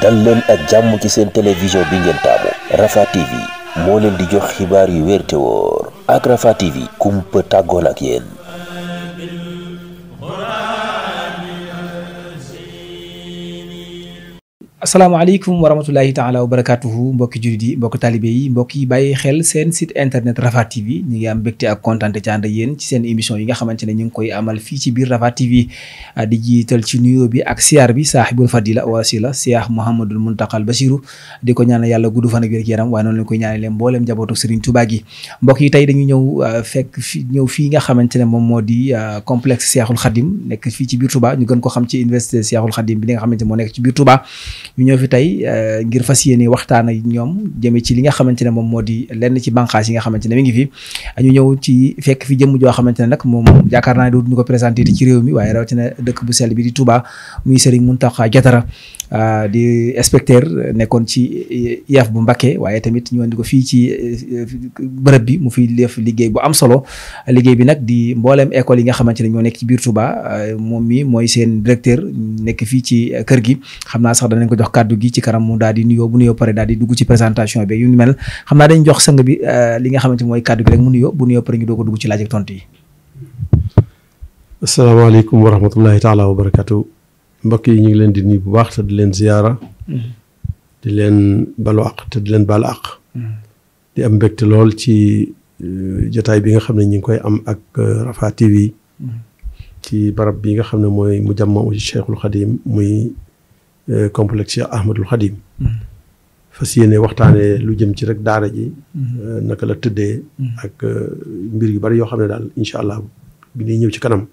dal leen ak jàmm ci seen télévision bi ngeen taamu Rafah TV moo leen di jox xibaar yu wér te wóor ak Rafah TV kumpa tàggoon ak yéen asalaamaaleykum wa rahmatulahi taala wa barakatuhu mbokki jullit yi mbokki taalibé yi mbokk yi bàyyi xel seen site internet Rafah TV ñu ngi am mbégte ak kontaan ci ànd ak yéen ci seen émission yi nga xamante ne ñu ngi koy amal fii ci biir Rafah TV ah, di jiital ci nuyoo bi ak siyaar bi saahibul fadila wasila siyaah Muhammadul Muntaqal Basiru di ko ñaanal yàlla gudd fan ak wér yaram waaye noonu lañ koy ñaanale mbooleem njabootu Serigne Touba gi mbokk yi tey dañu ñëw ah, fekk ñëw fii nga xamante ne moom moo di ah, complexe Seexul Xadim nekk fii ci biir Touba ñu gën ko xam ci université Seexul Xadim bi nga xamante moo nekk ci biir Touba ñu ñëw fi tey euh, ngir fas yéene waxtaan ak ñoom jëme ci li nga xamante ne moom moo di lenn ci banqaas yi nga xamante ne mi ngi fi ñu ñëw ci fekk fi jëmm joo xamante ne nag moom jaakaar naa ne dootuñu ko présenté ci réew mi waaye rawatina dëkk bu sell bi di Touba muy Serigne Mountakha Diatara Euh, di inspecteur nekkoon ci yaf bu Mbacké waaye tamit ñu andi ko fii ci euh, bërëb bi mu fiy def liggéey bu am solo liggéey bi nag di mbooleem école yi nga xamante ne ñoo nekk ci biir Touba euh, moom mii mooy seen directeur nekk fii ci kër gi xam naa sax danañ ko jox kàddu gi ci kanam mu daal di nuyoo bu nuyoo pare daal di dugg ci présentation bi yu ni mel xam naa dañ jox sëng bi li nga xamante mooy kàddu gi rek mu nuyoo bu nuyoo pare ñu doo ko dugg ci laaj ak tontu yi asalaamaaleykum wa rahmatullahi taala wa barakatu mbokk yi ñu ngi leen di nuyu bu baax te di leen ziyaara mm-hmm. di leen balu àq te di leen baal àq mm-hmm. di am mbégte lool ci euh, jataay bi nga xam ne ñu ngi koy am ak euh, Rafah TV mm-hmm. ci barab bi nga xam ne mooy mu jàmma u Cheikhul muy euh, complexe Cheikh Ahmadul Khadim fas yéene waxtaanee lu jëm ci rek daara ji naka la tëddee ak mbir yu bari yoo xam ne daal incha allah bi ñuy ñëw ci kanam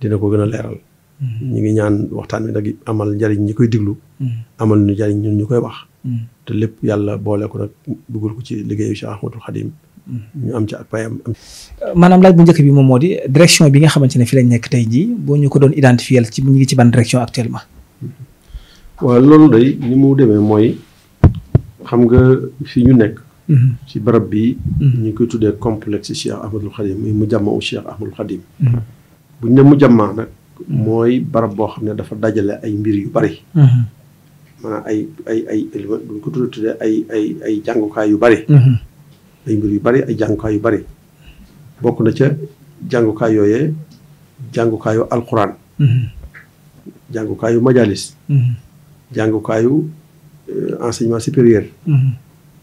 dina ko gën a leeral Mm-hmm. ñu ngi ñaan waxtaan bi nag amal njariñ ñi koy diglu mm-hmm. amal ñu njariñ ñu ñu koy wax mm-hmm. te lépp yàlla boole ko nag dugal ko ci liggéeyu Cheikh Ahmadou Khadim ñu am ci ak payam uh, maanaam laaj bu njëkk bi moom moo di direction bi nga xamante ne fi la nekk tey jii boo ñu ko doon identifier ci ñu ngi ci ban direction actuellement waaw loolu day ni mu demee mooy xam nga fi ñu nekk ci barab bi ñu ngi koy tuddee complexe Cheikh Ahmadou Khadim muy mu jàmma u Cheikh Ahmadou Khadim mooy barab boo xam ne dafa dajale ay mbir yu bari. Mhm. maanaam ay ay ay buñ ko tuddee ay ay ay jàngukaay yu bari. Mhm. ay mbir yu bari ay jàngukaay yu bari. bokk na ca jàngukaay yooyee jàngukaayu alxuraan. Mhm. jàngukaayu majalis. jàngukaayu euh, enseignement supérieur.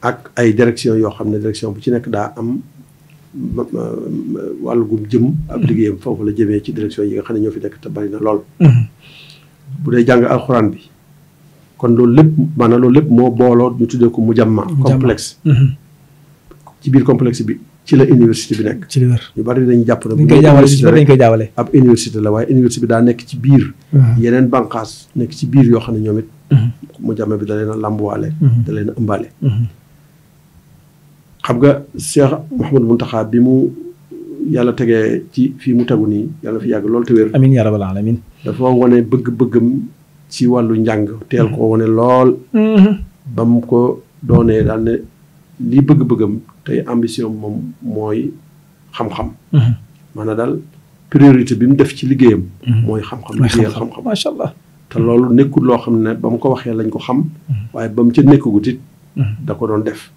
ak ay direction yoo xam ne direction bu ci nekk daa am. wàllu gum jëm. ab mm-hmm. liggéeyam foofu la jëmee ci direction yi nga xam ne ñoo fi nekk te bari na lool. Mm-hmm. bu dee jàng alxuraan bi. kon loolu lépp maanaam loolu lépp moo booloo ñu tuddee ko mu jàmma complexe. Mm-hmm. ci biir complexe bi ci la université bi nekk. ci la wér ñu bari dañuy jàpp ne. bu ñu la waaye université bi daa nekk ci biir. yeneen bànqaas nekk ci biir yoo xam ne ñoom it. mu jàmma bi da leen a làmbuwaale. da leen ëmbaale. xam nga Cheikh Mouhamadou Mountakha bi mu yàlla tegee ci fii mu tegu nii yàlla fi yàgg loolu te wér. amiin yaa rabbal alamin dafa bëgg-bëggam ci wàllu njàng. teel ko wane lool. Mm-hmm. ba mu ko doonee daal ne lii bëgg-bëggam tey ambition moom mooy xam-xam. Mm-hmm. maanaam daal priorité bi mu def ci liggéeyam. Mm-hmm. mooy xam-xam liggéeyal xam-xam macha allah. te loolu nekkul loo xam ne ba mu ko waxee lañ ko xam. waaye ba mu ca nekkagut it. da ko doon def.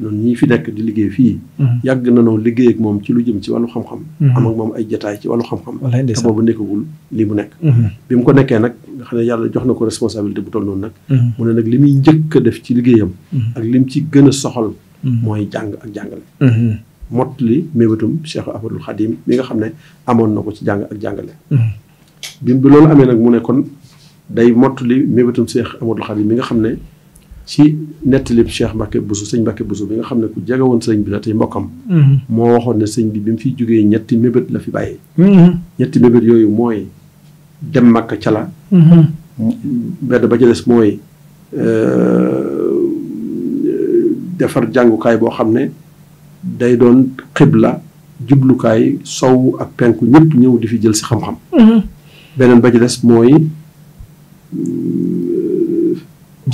noonu ñii fi nekk di liggéey fii mhm. yàgg na noo liggéey ak moom ci lu jëm ci wàllu xam-xam mhm. am ak moom ay jataay ci wàllu xam-xam te boobu nekkagul li mu nekk mhm. bi mu ko nekkee nag nga xam ne yàlla jox na ko responsabilité bu toll noonu nag mu ne nag li muy njëkk a def ci liggéeyam ak li ci gën a soxal mooy jàng ak jàngale mott li mébatum Cheikh Ahmadul Khadim mi nga xam ne amoon na ko ci jàng ak jàngale bi bi loolu amee nag mu ne kon day mott li mébatum Cheikh Ahmadul Khadim mi nga xam ne ci nettalib Cheikh Mbacke Bousso sëñ Mbacke Bousso bi nga xam ne ku jege woon sëñ bi la tey mbokkam mm-hmm. moo waxoon ne sëñ bi bi mu fiy jógee ñetti mébét la fi bàyyi mm-hmm. ñetti mébét yooyu mooy dem Makka ca la mm-hmm. benn ba ca mooy euh, defar boo xam ne doon xibla jublukaay sow ak penku ñëpp ñëw di fi jël si xam-xam beneen ba ci mooy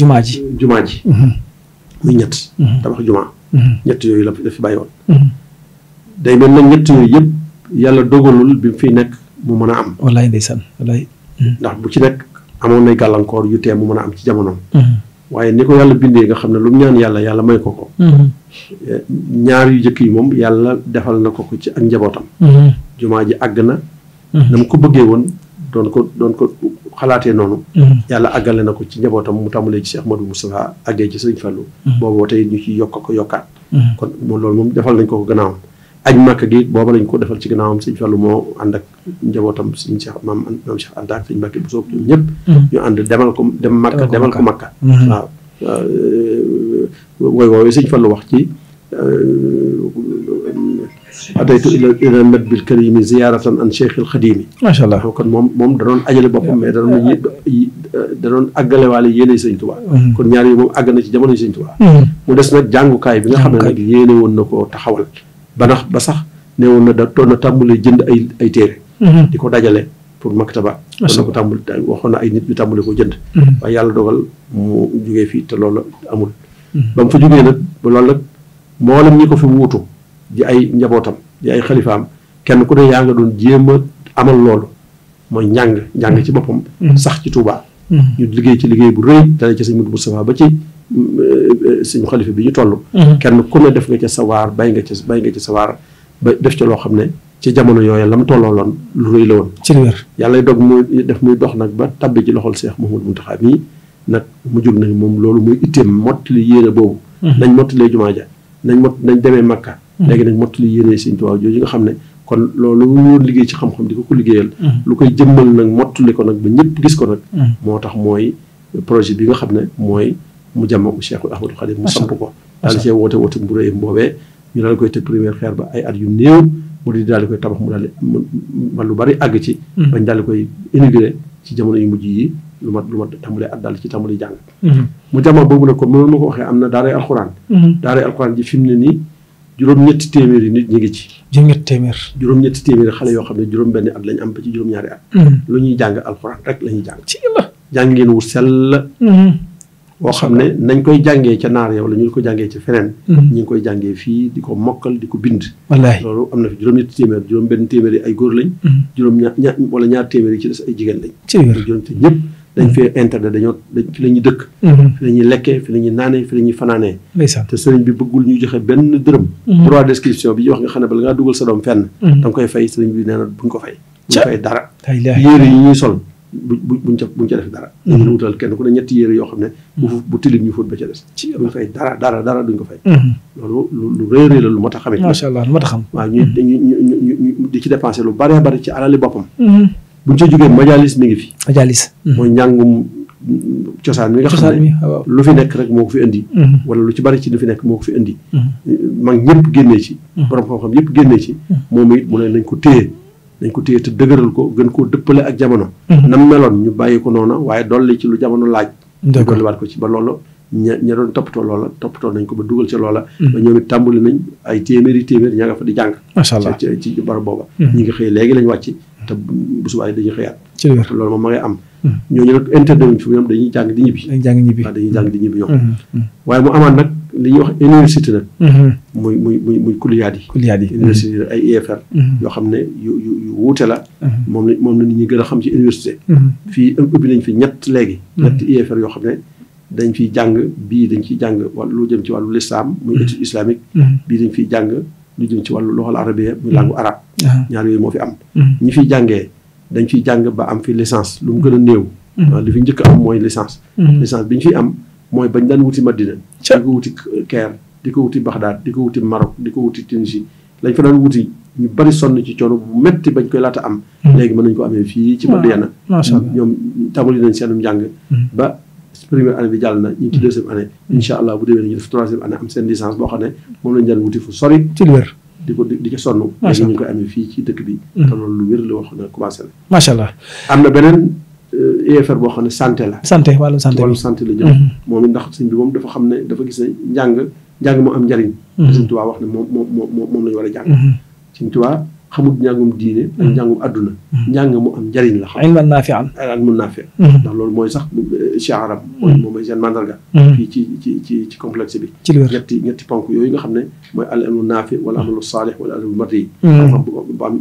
jumaa ji jumaa ji mhm. muy ñett mhm. tabax jumaa mhm. ñett yooyu la fi bàyyi woon day mel nag ñett yooyu yëpp yàlla dogalul bi mu fiy nekk mu mën a am wallaay ndeysaan wallaay ndax bu ci nekk amoon nay gàllankoor yu tee mu mën a am ci jamonoom waaye ni ko yàlla bindee nga xam ne lu mu ñaan yàlla yàlla may ko ko eh, ñaar yu jëkk yi moom yàlla defal na ko ko ci ak njabootam jumaa ji àgg na na mu ko bëggee woon doon ko doon ko xalaatee noonu. Mm-hmm. yàlla àggale na ko ci njabootam mu tàmbalee ci Cheikh Madou Moustapha àggee ci Sëriñ Fallou. Mm-hmm. boobu tey ñu ci yokk ko yokkaat. Mm-hmm. kon moom loolu moom defal nañ ko ko gannaawam. aj màkk gi booba lañ ko defal ci gannaawam Sëriñ Fallou moo ànd ak njabootam Sëriñ Cheikh maam maam Cheikh Anta ak Sëriñ Mbàkke bu soog ñoom ñëpp. ñu ànd demal ko dem màkk demal ko màkk. waaw euh, woy woowee Sëriñ wax ci. Euh, ataytu ila nabil karimi ziyaratan an cheikh al xadimi macha allah kon moom moom da doon ajale boppam mais da doon da doon àggalewaale yéene sëñ Tuubaa kon ñaar yi moom àgg na ci jamono sëñ Tuubaa mu des nag jàngukaay bi nga xam ne nag yéene woon na koo taxawal ba ndax ba sax ne woon na da toon na tàmbalee jënd ay ay téere di ko dajale pour maktaba kon na ko tàmbali waxoon na ay nit ñu tàmbali ko jënd waaye yàlla dogal mu jógee fii te loolu amul ba mu fa jógee nag ba loolu nag mboolem ñi di ay njabootam di ay xalifaam kenn ku ne yaa nga doon jéem a amal loolu mooy njàng njàng ci boppam. Mm-hmm. sax ci Touba. Mm-hmm. ñu liggéey ci liggéey bu rëy dalee ci sëñ Modou Moustapha ba ci eh, eh, suñu xalifa bi ñu toll. Mm-hmm. kenn ku ne def nga ca sawaar ba def ca loo xam ne ci jamono yooyu la mu tolloo loon lu rëy la woon. ci wér yàlla dog muy def muy dox nag ba tabbi ci loxol Seex Mouhamadou Mountakha mii nag mu jóg nag moom loolu muy itteem mottali yéene boobu. nañ mottalee jumaa ja nañ mott léegi nag mottali yéene Sëriñ Tuubaa jooju nga xam ne kon loolu woon liggéey ci xam-xam di ko ko liggéeyal mm-hmm. lu koy jëmmal nag mottali ko nag ba ñëpp gis ko nag mm-hmm. moo tax mooy projet bi nga xam ne mooy mu jàmma ko Cheikh Ahmadou Khadim mu samp ko daal cee bu rëy boobee ñu daal xeer ba ay at yu néew mu di daal di koy tabax mu daal lu bari àgg ci mm-hmm. bañ daal ci jamono yu mujj yi lu mat lu mat tàmbalee at daal ci tàmbalee jàng mu jàmma boobu nag comme ko waxee am na daaray alxuraan daaray alxuraan ji fi ne nii juróom-ñetti téeméeri nit ñu ngi ci. juróom-ñetti téeméer. juróom-ñetti téeméeri xale yoo xam ne juróom-benn at lañ am ba ci juróom-ñaari at. Hmm. lu ñuy jàng alxuraan rek la ñuy jàng. jàngeen wu sell. boo hmm. xam ne nañ koy jàngee ca naar yow la ñu ko jàngee ca feneen. Hmm. ñi ngi koy jàngee fii di ko mokkal di ko bind. wallaay loolu am na fi juróom-ñetti téeméer juróom-benn téeméeri ay góor lañ. juróom-ñaar ña wala ñaar téeméeri ci ay jigéen lañ. ci biir juróom-ñett ñëpp dañ fee interdit dañoo fi la ñuy dëkk mhm. fi la lekkee fi la naanee fi la fanaanee te sëriñ bi bëggul ñu joxe benn dërëm mhm. droit d'inscription bi ñu wax nga xam ne bala ngaa dugal sa doom fenn mhm. danga koy fay sëriñ bi nee bu buñ ca buñ ca def dara dañ la wutal kenn yoo xam ne bu ñu fóot ba ca des duñ fay dara dara duñ ko fay loolu lu rëy la lu mat a xamit macha allah lu mat a xam waaw ñu dañu ñu di ci dépensé lu bëree bëri ci alali boppam buñ ca jógee majalis mi ngi fi. majalis. Mm-hmm. mooy njàngum mm, cosaan mi nga xam ne lu fi nekk rek moo ko fi indi. Mm-hmm. wala lu ci bari ci lu fi nekk moo ko fi indi. Mm-hmm. Eh, mag ñëpp génnee ci. borom xam-xam yëpp génnee ci. moom it ko téye. dañ ko téye te ko gën koo dëppale ak jamono. nam meloon ñu bàyyi ko noona waaye dolli ci lu jamono laaj. ñu dolliwaat ko ci ba loolu ña ña doon toppatoo loola toppatoo nañ ko ba dugal ci loola. ba ñoom it tàmbali nañ ay téeméeri téeméer ña nga fa di jàng. macha allah ci ci barab booba. ñi nga xëy léegi lañ wàcc. te bu subaa dañuy xëyaat. ci loolu moom ma ngay am. Hmm. ñooñu nag interne wuñ fi ñoom ñoom. Hmm, hmm, waaye mu amaat nag li ñuy wax université nag. muy muy muy muy kuliyaat yi. kuliyaat yi ay EFR. yoo xam ne yu yu la. moom la moom la nit ñi gën a xam ci université. fii ubbi nañ fi ñett léegi. ñetti EFR yoo xam ne. dañ fiy jàng bii dañ ciy jàng lu jëm ci wàllu lislaam muy étude islamique. bii dañ fiy jàng lu jëm ci wàllu loxol arabia muy hmm. langue arab ñaar yooyu moo fi am hmm. ñi fiy jàngee dañ fiy jàng ba am fi licence lu mu gën a hmm. néew li fi njëkk am mooy licence licence bi ñu fi am mooy bañ daan wuti Madina di ko wuti Caire di ko wuti Bagdad di ko wuti Maroc di ko wuti Tunisie lañ fa wuti ñu bari sonn ci coono bu metti bañ koy laata am léegi mën nañ ko amee fii ci ah, Madiyana ñoom tamali nañ seenum njàng ba première année bi jàll na ñu ngi ci deuxième année incha allah bu déwénee ñu def troisième année am seen licence boo xam ne moom lañu war a jàng mm-hmm. sëñ Tuubaa xamul njàngum diine ak hmm. njàngum adduna hmm. njàng mu am njariñ la xam ilman naafi an ilman naafi hmm. mooy sax euh, ci arab mooy moom seen mandarga fii ci ci ci ci complexe bi ñetti ponk yooyu nga xam ne mooy al ilmu naafi wala amalu saalih wala amalu mardi xam-xam bu am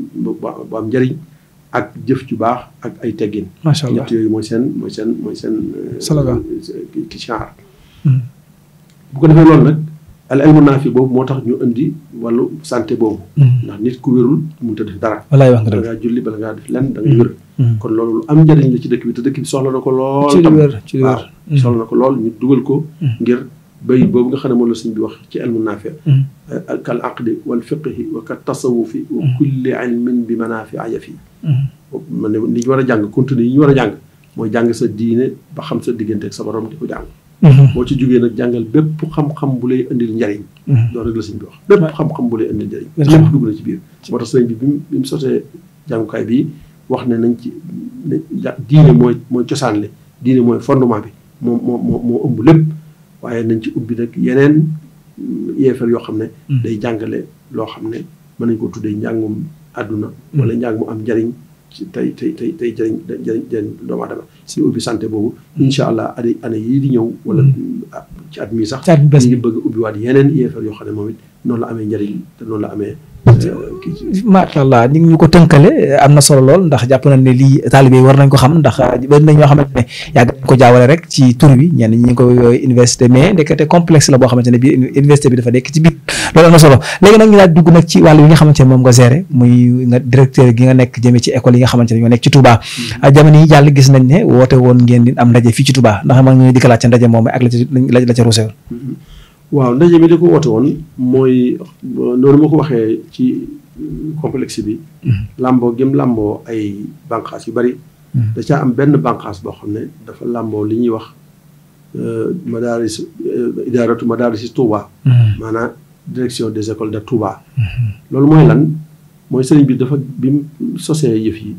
bu am njariñ ak jëf ju baax ak ay teggin macha allah ñett yooyu mooy seen mooy seen mooy seen salaga euh, euh, ki ci bu ko defee loolu nag al ilmu naafi boobu moo tax ñu indi wàllu santé boobu. Mm. ndax nit ku wérul mënut a def dara. wallaay da ngaa julli bala ngaa def lenn da nga wér. Mm. Mm. kon loolu lu am njëriñ la ci dëkk bi te dëkk bi soxla na ko lool. ci lu wér ci lu wér soxla ko lool ñu dugal ko. ngir bay boobu nga xam ne moom la suñ bi wax ci ilmu naafi. Eh, kal aqdi wal fiqhi wa kat tasawufi wa kulli ilmin bi manaafi'a yafi. man ne li ñu war a jàng continue yi ñu war a jàng mooy jàng sa diine ba xam sa diggante ak sa di ko jàng. Mhm. boo ci jógee nag jàngal bépp xam-xam bu lay indil njariñ mhm. loolu rek la sëñ bi bépp xam-xam bu lay indil njariñ lépp dugg na ci biir moo tax sëñ bi bi mu sotee jàngukaay bi wax ne nañ ci diine mooy mooy cosaan li diine mooy fondement bi moom moo moo moo ëmb lépp waaye nañ ci ubbi nag yeneen mm, yeefeel yoo xam ne mhm. day jàngale loo xam ne mën nañ ko tuddee njàngum àdduna wala mu am njariñ ci tey tey tey tey jëriñ jëriñ jëriñ doomu aadama suñu ubbi santé boobu incha allah année année di ñëw wala mm-hmm. ah, ci at mii sax ñu ngi bëgg ubbi waat yeneen IFR yoo xam ne la amee njëriñ te noonu la amee macha allah ni ñu ko tënkale am na solo lool ndax jàpp nañ ne lii taalibe war nañ ko xam ndax ah, bëri na ñoo xamante ne yàgg nañ ko jaawale rek ci tur bi ñenn ñi ngi ko université mais ndekete complexe la boo xamante ne bii université bi dafa nekk ci biir loolu am na solo léegi nag ñu daal dugg nag ci wàll yi nga xamante ne moom nga géré muy nga directeur gi nga nekk jëmee ci école yi nga xamante ne ñoo nekk ci Touba mm-hmm. ah, jamono yi jàll gis nañ ne woote woon ngeen di am ndaje fii ci Touba ndax ma ngi di kalaat ca ndaje moom ak la ca la ca mm-hmm. ko woote woon mooy noonu ma ko waxee ci complexe bi mm-hmm. làmboo gém làmboo ay banqaas yu bari da caa am benn banqaas boo xam ne dafa làmboo li ñuy wax ma euh, madaaris euh, idaaratu madaaris Touba maanaam direction des écoles de Touba. Mhm. loolu mooy lan mooy sëriñ bi dafa bi mu sosee yëf yi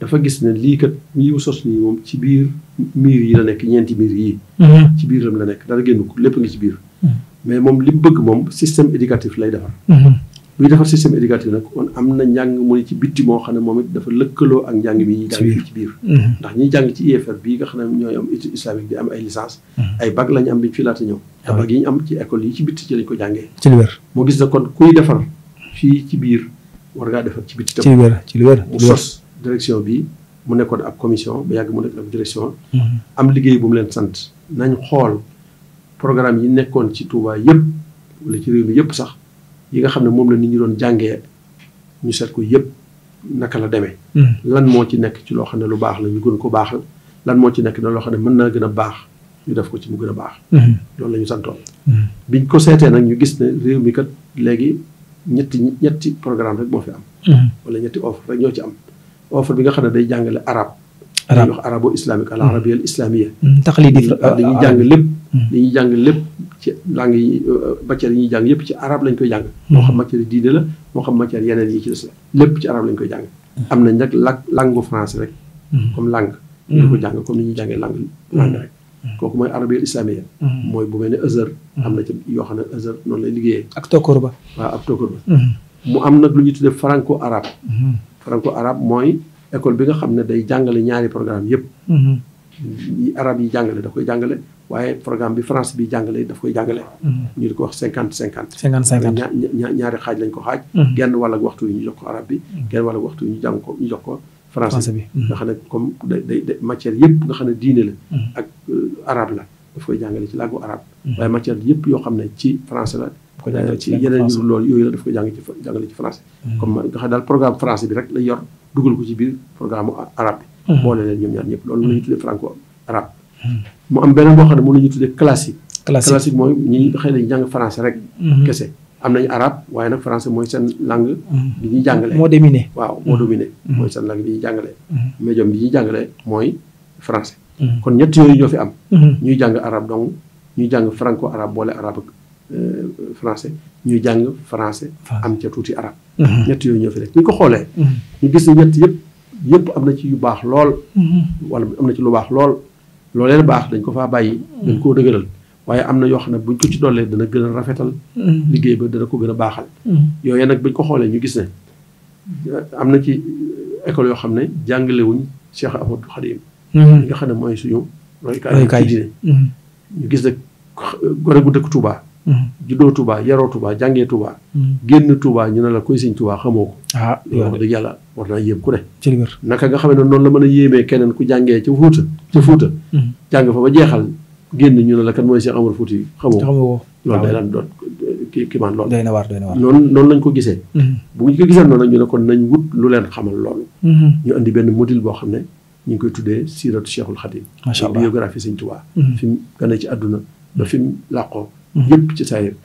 dafa gis ne lii kat yiw sos nii moom ci biir miir yi la nekk ñeenti miir yi mhm. ci biiram la nekk dara génn ko lépp ngi ci biir mhm. mais moom li mu bëgg moom système éducatif lay defar buy defar système éducatif nag kon am na njàng mu ne ci bitti moo xam ne moom it dafa lëkkaloo ak njàng mi ñuy mhm. jàng ci biir ndax ñuy jàng ci IFR bii nga xam ne ñooy am étude islamique bi am ay mhm. am biñu fi laata ñëw te bac am ci école yi ci bitti ci lañ moo gis na kon kuy defar fii ci biir war ngaa defar ci bitti tam ci lu wér ci lu wér direction bi mu nekkoon ak commission ba yàgg mu nekk ab direction mhm. am liggéey bu mu leen sant nañ xool programme yi nekkoon ci tuubaay yëpp wala ci réew mi yëpp sax yi nga xam ne moom la nit ñu doon jàngee ñu seet ko yëpp naka la demee. Hmm. lan moo ci nekk ci loo xam ne lu baax la ñu gën ko baaxal lan moo ci nekk na loo mën naa gën a baax ñu def ko ci mu a baax. Hmm. loolu la ñu santoon. Hmm. biñ ko seetee nag ñu gis ne réew mi kat léegi ñetti ñetti programme rek moo fi am. wala ñetti offre rek ñoo ci am offre bi nga xam ne day jàngale arab. arab wax arabo islamique al arabiyya al islamiyya. taxali di dañuy jàng lépp. dañuy jàng lépp ci langue yi euh, euh, matières yi ñuy jàng yëpp ci arab lañ koy jàng hmm. moo xam matière diine la moo xam matière yeneen yi ci des la lépp ci arab lañ koy jàng hmm. am nañ nag la langue français rek hmm. comme langue ñu ko jàng comme ni ñuy jàngee langue langue rek kooku mooy arabiyal islamiya mooy bu mel ne Azhar am na ci yoo xam ne Azhar noonu lay liggéeyee ak tokkoor ba waaw ak tokkoor ba mu am nag lu ñu tuddee franco arabe franco arabe mooy école bi nga xam ne day da koy jàngale waaye programme bi France bi jàngale daf koy jàngale mm-hmm. ñu di ko wax cinquante cinquante cinquante cinquante ñaari xaaj lañ ko xaaj mm-hmm. ko arab bi mm-hmm. genn wàll waxtu yi ñu jàng ko ñu jox ko français bi nga xam ne comme day day matière yëpp nga xam ne la ak euh, arabe la daf koy jàngale ci làkku arabe waaye matière yëpp yoo xam ne ci français la ko jàngale ci yeneen yu loolu yooyu la daf koy jàng jàngale ci français comme nga xam daal programme français bi rek la yor dugal ko ci biir programme arabe bi boole leen ñoom ñaar ñëpp loolu la ñu tuddee franco arabe mu am beneen boo xam ne moom la ñuy tuddee classique. classique classique mooy ñi xëy na jàng français rek. Mhm. kese am nañu arabe waaye nag français mooy seen langue. Mhm. bi ñuy jàngalee moo dominé. waaw moo mhm. dominé. mooy seen langue bi ñuy jàngalee. médium bi ñuy jàngalee mooy français. kon ñett yooyu ñoo fi am. ñuy jàng arabe donc ñuy jàng franco arabe boole arabe ak euh, français ñuy jàng français. am ca tuuti arabe. ñett yooyu ñoo fi nekk ñu ko xoolee. ñu gis ne ñett yëpp yëpp na ci yu baax lool. wala am na ci lu baax lool. looleen baax dañ ko fa bàyyi dañ koo dëgëral waaye am na yoo xam ne buñ ko ci dollee dana gën a rafetal mm-hmm. liggéey ba dana ko gën a baaxal mm-hmm. yooyu nag buñ ko xoolee ñu gis ne uh, am na ci uh, école yoo xam ne jàngalewuñ Cheikh Ahmadou Khadim li mm-hmm. nga xam ne mooy suñu roykaay ci diine ñu gis ne uh, gone gu dëkk tubaa Mm-hmm. juddoo Touba yaroo Touba jàngee Touba. Mm-hmm. génn Touba ñu ne la koy sëñ Touba xamoo ko. ah wax dëgg yàlla war naa yéem ku ne. ci li wér naka nga xam ne noonu la mën a yéemee keneen ku jàngee ca Fuuta ca Fuuta. Mm-hmm. jàng fa ba ñu ne la kan mooy Cheikh Amadou Fouti xamoo ko. loolu day ah. daan doon kii kii maanaam loolu. doy na waar doy na waar noonu noonu lañ ko gisee. bu ñu ko gisee noonu ñu ne kon nañ wut lu leen xamal loolu. ñu andi benn module boo xam ne. ñu ngi koy tuddee siiratu Cheikhul Khadim. macha allah biographie sëñ Touba. fi mu gane ci àdduna ba Mm-hmm. yëpp ci saa yëpp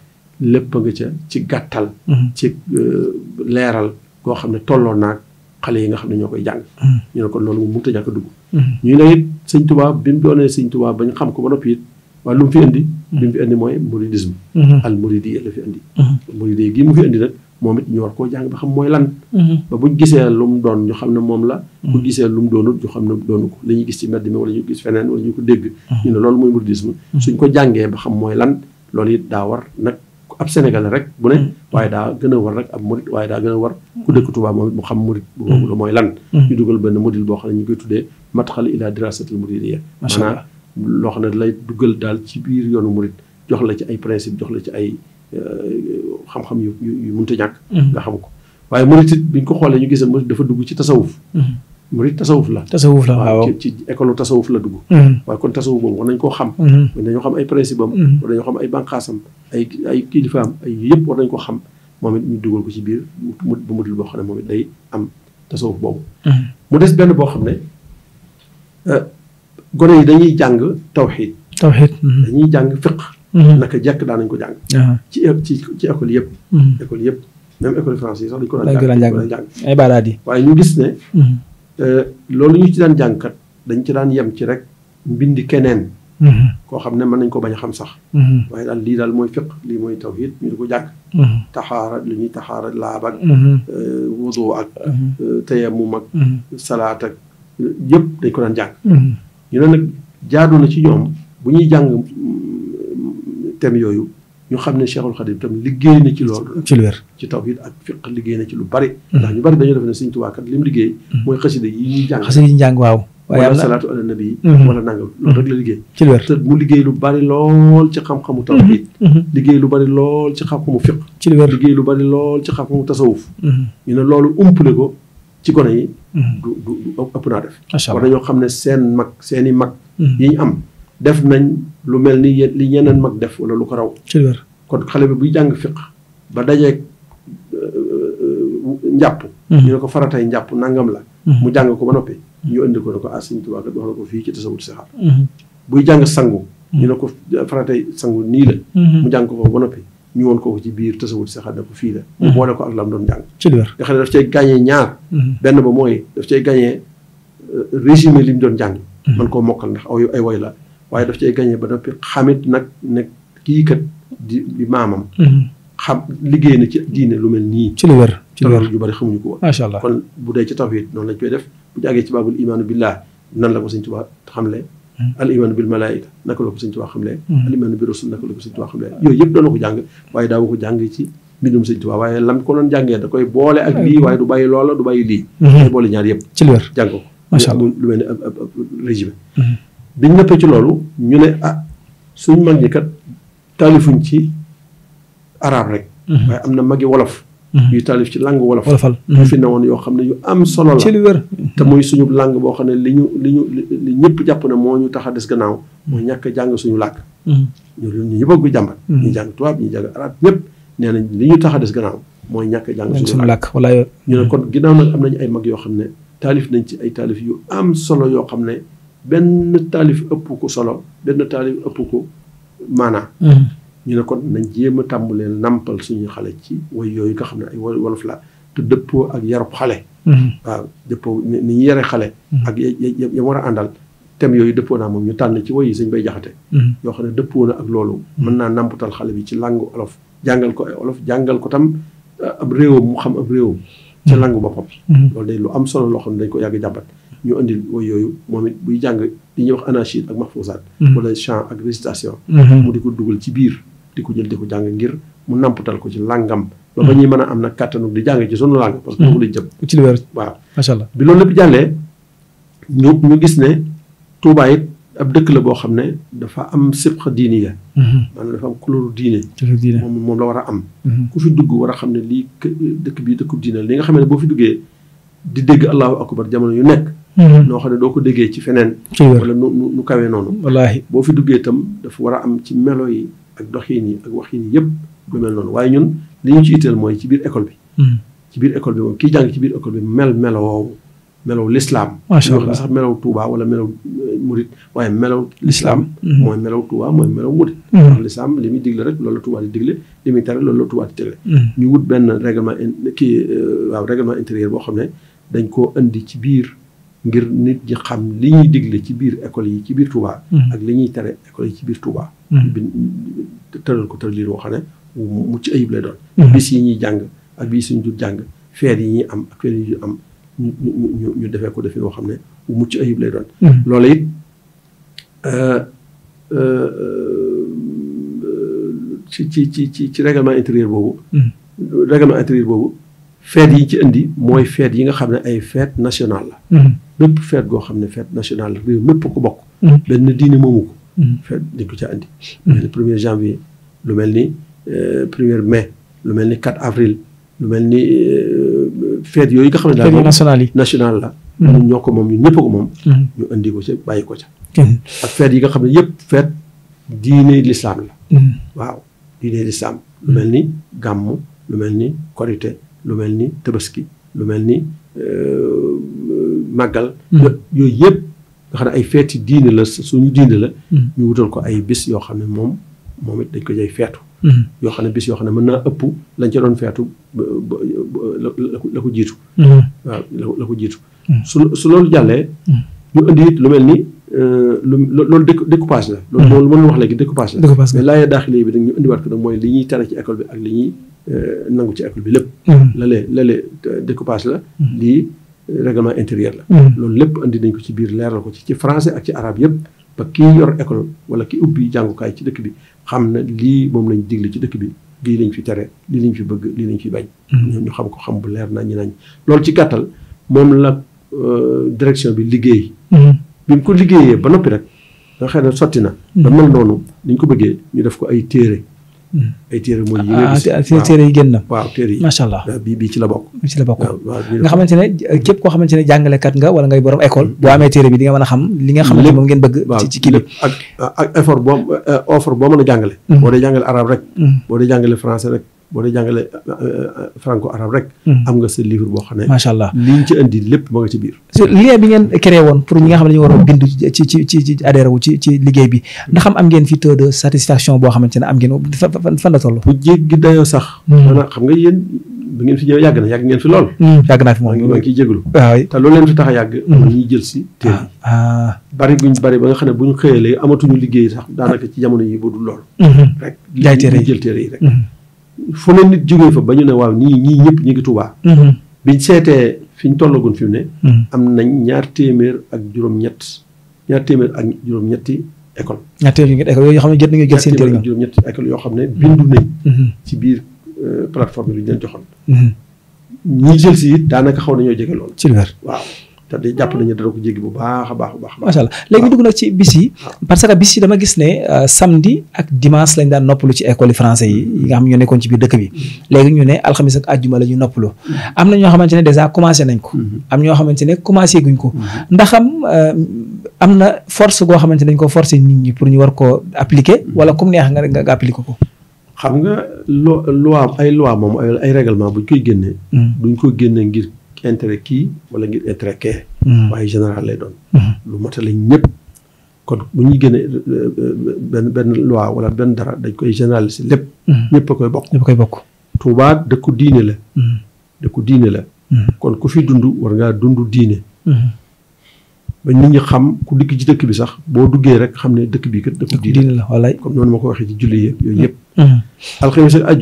lépp ca ci gàttal. Mm-hmm. ci euh, leeral goo xam ne tolloo naag xale yi nga xam ne ñoo koy jàng. Mm-hmm. ñu ne kon loolu moom a ñàkk a dugg. ñu ne it sëñ Tuubaa bi mu ba ñu xam ko ba noppi it waaye lu mu fi indi. li mu mu fi indi nag moom it ñu war koo jàng ba xam mooy lan. ba buñ gisee lu mu doon ñu xam ne moom la. bu gisee lu mu doonut ñu xam ne doonu ko li ñu gis ci mbedd mi wala ñu gis feneen wala ñu ko dégg. ñu ne loolu mooy mouridisme. suñ ko jàngee ba xam mooy lan. lool it daa war nag ab Sénégalais rek bu ne mm. waaye daa gën a war rek ab murit waaye daa gën a war ku dëkk Touba moom it mu xam murit la mm. mooy lan mm. ñu dugal benn module boo xam ne ñu koy tuddee matxal ila dirasatil muridiyya maanaam loo xam ne lay dugal daal ci biir yoonu murit jox la ci ay principe jox la ci ay euh, xam-xam yu yu mënta ñàkk nga xam ko waaye murit it biñ ko xoolee ñu gis ne dafa dugg ci tasawuf murit tasawuf la tasawuf la waaw la dugg mhm. waaye kon tasawuf boobu koo xam mhm. war nañoo xam ay principe am mhm. ko xam moom it ñu dugal mu ba mu dul boo xam ne moom it des benn boo xam ne euh, gone yi dañuy jàng tawxiid tawxiid dañuy jàng fiq naka jekk daanañ ko jàng ci ci ci école yëpp école yëpp même école français sax dañ ko a jàng ay baadaat yi waaye ñu gis ne loolu ñu ci daan jàngkat dañ ci daan yem ci rek mbindi keneen mm-hmm. koo xam ne mën nañ ko bañ a xam sax mm-hmm. waaye daal lii daal mooy fiq lii mooy tawhid ñu di ko jàng mm-hmm. taxaara li ñuy taxaara laab ak euh, wudu ak euh, tayamum ak salaat ak yëpp dañ ko daan jàng ñu ne nag jaadu na ci ñoom bu ñuy jàng mm, thème yooyu ñu xam ne Cheikhul Khadim tam liggéey na ci loolu. ci lu wér ci tawhid ak fiq liggéey na ci lu bari. ndax ñu bari dañoo def ne Sëriñ Tuubaa kat li mu liggéey. Mm-hmm. mooy xasida yi ñuy jàng. xasida yi ñuy waaw. waaye salaatu ala nabi mm-hmm. wala nangam loolu rek la mm-hmm. liggéey. ci lu wér te mu liggéey lu bari lool ci xam-xamu tawhid. liggéey lu bari lool ci xam-xamu fiq. ci lu wér liggéey lu bari lool ci xam-xamu tasawuf. ñu ne loolu umpule ko ci gone yi. du du ëpp naa def. macha allah war def nañ lu mel ni li ñeneen mag def wala lu ko raw. kon xale bi buy jàng fiq ba dajeeg euh, njàpp. Mm-hmm. ñu ne ko faratay njàpp nangam la. Mm-hmm. mu jàng ko ba noppi. ñu indi ko ne ah, ci tasawut sixaar mm-hmm. buy jàng sangu. ñu ne ko faratay sangu nii la. mu ba noppi. ñu woon ko ci biir tasawut sixaar ne ko fii la. mu boole ko ak lam doon jàng. nga xam ne daf cay gagné ñaar. benn ba mooy daf cay gagné euh, résumé li mu doon jàng. man koo mokkal ndax aw ay woy la. waaye daf cee gagné ba noppi xamit nag ne kii kat di di maamam. Mhm. xam liggéey na ci diine lu mel nii. ci lu wér ci lu wér ju bari xamuñu ko woon. macha bu dee ci tawhid noonu lañ koy def bu ñu àggee ci baabul imaanu billah nan la ko Sëñ Tuubaa xamle. Mhm. al imaanu bil malaayika naka la ko Sëñ Tuubaa xamle. Mhm. al imaanu bi rasul naka la yooyu yëpp doon ko jàng waaye daawu ko jàng ci. mbindum sëñ Tuubaa waaye lam ko doon jàngee da koy boole ak lii waaye du bàyyi loola du bàyyi lii. day boole ñaar yëpp. ci lu wér jàng ko. lu mel ne ab biñ nëppee ci loolu ñu ne ah suñ mag ñi kat taalifuñ ci arab rek. Mhm. waaye am na magi wolof. Mhm. yuy taalif ci langue wolof. wolofal yu mhm. fi yoo xam ne yu am solo la. te muy suñu langue boo xam ne li ñu li ñëpp jàpp na moo ñu tax a des gannaaw. mooy ñàkk a suñu làkk. ñu ñu ñu bëgg jàmbat. ñëpp nee nañ li ñu tax a des gannaaw mooy ñàkk a jàng suñu làkk. ñu ne kon ginnaaw nag am nañu ay mag yoo xam ne taalif nañ ci ay taalif yu am solo yoo xam ne. benn taalif ëpp ko solo benn taalif ëpp ko maanaa hmm. ñu ne ko nañ jéem a tàmbalee nampal suñu xale ci way yooyu nga xam ne ay wolof la te dëppoo ak yarub xale hmm. waaw dëppoo ni ñu xale hmm. ak yam war àndal thème yooyu dëppoo naa moom ñu tànn ci way yi sëñ bay jaxate yoo xam ne dëppoo na ak loolu mën naa namputal xale bi ci langu olof jàngal ko ay olof jàngal ko tam eh, ab réewam mu xam ab réewam ci langu boppam loolu day lu am solo loo xam ne dañ ko yàgg jàmbat ñu indil woy yooyu moom it buy jàng li ñuy wax anachid ak mahfousaat mhm. wala chant ak récitation mhm. mu di ko dugal ci biir di ko jël di ko jàng ngir mu namputal ko ci làngam ba ba ñuy mën a am nag kàttanu di jàng ci sunu làng parce que dooku mu jëm mhm. ci waaw macha allah bi loolu lépp jàllee ñu ñu gis ne Tuubaa ab dëkk la boo xam ne dafa am sibq diini ya maanaam dafa am couleur diine moom la war a am ku fi dugg war a xam ne lii dëkk bii dëkkub diine li nga xam ne boo fi duggee di dégg allahu akbar jamono yu nekk noo mm-hmm. xam ne doo ko déggee ci feneen wala nu nu kawe noonu boo fi duggee tam dafa war a am ci melo yi ak doxiin yi ak waxiin yi yëpp lu mel noonu waaye ñun li ñu ci itteel mooy ci biir école bi mm-hmm. ci biir école bi moom kii jàng ci biir école bi mel melowoowu melow lislaam macha allah sax melow Touba wala melow eh, murit waaye melow lislaam mm-hmm. mooy melow Touba mooy melow murit ndax lislaam li muy digle rek loolu la Touba di digle li muy tere loolu la Touba di tere ñu wut benn règlement kii eh, waaw règlement intérieur boo xam ne dañ koo indi ci biir ngir nit ñi xam li ñuy digle ci biir école yi ci biir Touba. Mm-hmm. ak li ñuy tere école yi ci biir Touba. Mm-hmm. bi tëral ko tëral lii woo xam ne mu ci ayib lay doon. Mm-hmm. bis yi ñuy jàng ak bis suñ dul jàng feer yi ñuy am ak feer yi ñuy am ñu ñu defee ko defee woo xam ne mu ci ayib lay doon. loolu it euh, euh, euh, ci ci ci ci intérieur boobu. règlement intérieur boobu. feet yi ci mooy yi nga xam ne ay feet national la mm-hmm. bépp feet goo xam ne feet national la réew mépp ko bokk mm-hmm. benn diine moomu ko mm-hmm. feet dañ ko ca indi ni premier lu mel ni euh, premier mai lu mel ni 4 avril lu mel ni euh, feet yooyu nga xam ne daal national yi national la ñun ñoo ko moom ñun ñëpp ko moom ñu indi ko ca bàyyi ko ca ak feet yi nga xam ne yëpp feet diine lislaam la waaw diine lislaam lu mel ni gàmmu lu mel ni korite lu mel ni tabaski lu mel ni euh, màggal. Mm. yooyu yëpp nga xam ne ay feeti diine la suñu diine la. Mm. ñu wutal ko ay bis yoo xam ne moom moom it dañ ko jay feetu. Mm. yoo xam ne bis yoo xam ne mën naa ëpp lañ ca doon feetu la ko jiitu. waaw la ko jiitu. su su loolu jàllee. ñu indi it lu mel ni euh, loolu découpage la. loolu loolu mën wax léegi découpage la. mais laaya daaxile bi nag ñu indiwaat ko nag mooy li ñuy tere ci école bi ak li ñuy. Euh, nangu ci école bi lépp. Mm. lale lale euh, découpage la. Mm. lii euh, règlement intérieur la. Mm. loolu lépp andi nañ ko ci biir leeral ko ci ci français ak ci arabe yëpp. ba kii yor école wala ki ubbi jàngukaay ci dëkk bi xam na lii moom lañ digle ci dëkk bi lii lañ fi tere lii lañ fi bëgg lii lañ fi bañ. ñu xam ko xam bu leer nañ loolu ci gàttal moom la direction bi liggéey. bi mu ko liggéeyee ba noppi rek nga xëy na sotti na. ba mel noonu ni ñu ko bëggee ñu def ko ay téere. ay téere mooy ah, ah, yi nga gis waaw téere yi génn na. waaw allah bii bii ci la bokk. ci la bokk nga xamante ne képp koo xamante ne jàngalekat nga wala ngay borom école. boo amee téere bi di nga mën a xam li nga xam ne moom ngeen bëgg. ci ci kii ak effort boo euh, offre boo mën a jàngale. Mm-hmm. boo dee jàngale arabe rek. Mm-hmm. boo dee jàngale français rek. boo dee jàngale euh, euh, euh, franco arabe rek. Hmm. am nga sa livre boo xam ne. macha allah liñ ci indi lépp moo nga ci biir. lien bi ngeen créé woon pour ñi nga xam ne dañu war a bind ci ci ci ci liggéey bi ndax am ngeen fi taux bu jéggi dayoo sax. maanaam hmm. xam nga yéen ba hmm, naa fi moom maa ngi ciy jégalu. Ah, te loolu leen fi tax a yàgg. ñuy jël si téere ah, ah. bari bari ba nga xam ne bu ñu xëyee léegi amatuñu liggéey sax daanaka ci jamono yi bu dul lool. fu ne nit jógee fa ba ñu ne waaw ñii ñii ñëpp ñu ngi Touba. Mhm. biñ seetee fi ñu tollagoon fi mu ne. Mhm. am nañ ñaar téeméer ak juróom-ñett ñaar téeméer ak juróom-ñetti école. ñaar téeméer école yoo xam ne jot nañu jël seen. téeméer ak juróom-ñetti école yoo xam ne mhm. bindu nañ. ci biir euh, plateforme bi ñu leen joxoon. ñi jël si it daanaka xaw nañoo jege lool. ci weer waaw. te di jàpp nañu dana ko jéggi bu baax baax baax. macha léegi dugg nag ci bis yi. Ah. parce que bis yi dama gis ne euh, samedi ak dimanche lañ daan noppalu ci école français yi yi nga xam ñoo nekkoon ci biir dëkk bi. Mm-hmm. léegi ñu ne alxamis ak mm-hmm. am na ñoo xamante ne dèjà commencé nañ ko. Mm-hmm. am ñoo xamante ne commencé guñ ko. ndax euh, am na force goo xamante ne dañ ko forcer nit ñi pour ñu war koo appliquer. wala comme neex nga nga appliquer ko. xam nga loi ay loi moom ay règlement buñ koy génnee. Mm. duñ ko génnee ngir. intérêt kii wala ngir intérêt kee. Hmm. waaye général lay doon. Hmm. lu matale ñëpp. kon bu ñuy génne euh, euh, benn benn loi wala benn dara dañ koy généraliser lépp. Hmm. ñëpp a koy bokk ñëpp bokk. Touba dëkku diine la. dëkku diine la. kon ku fi dund war ngaa dund diine. ba nit ñi xam ku dikk ci dëkk bi sax boo duggee rek xam ne dëkk bi kat dëkku diine la walaay comme noonu ma ko waxee ci julli yooyu yëpp. alxames ak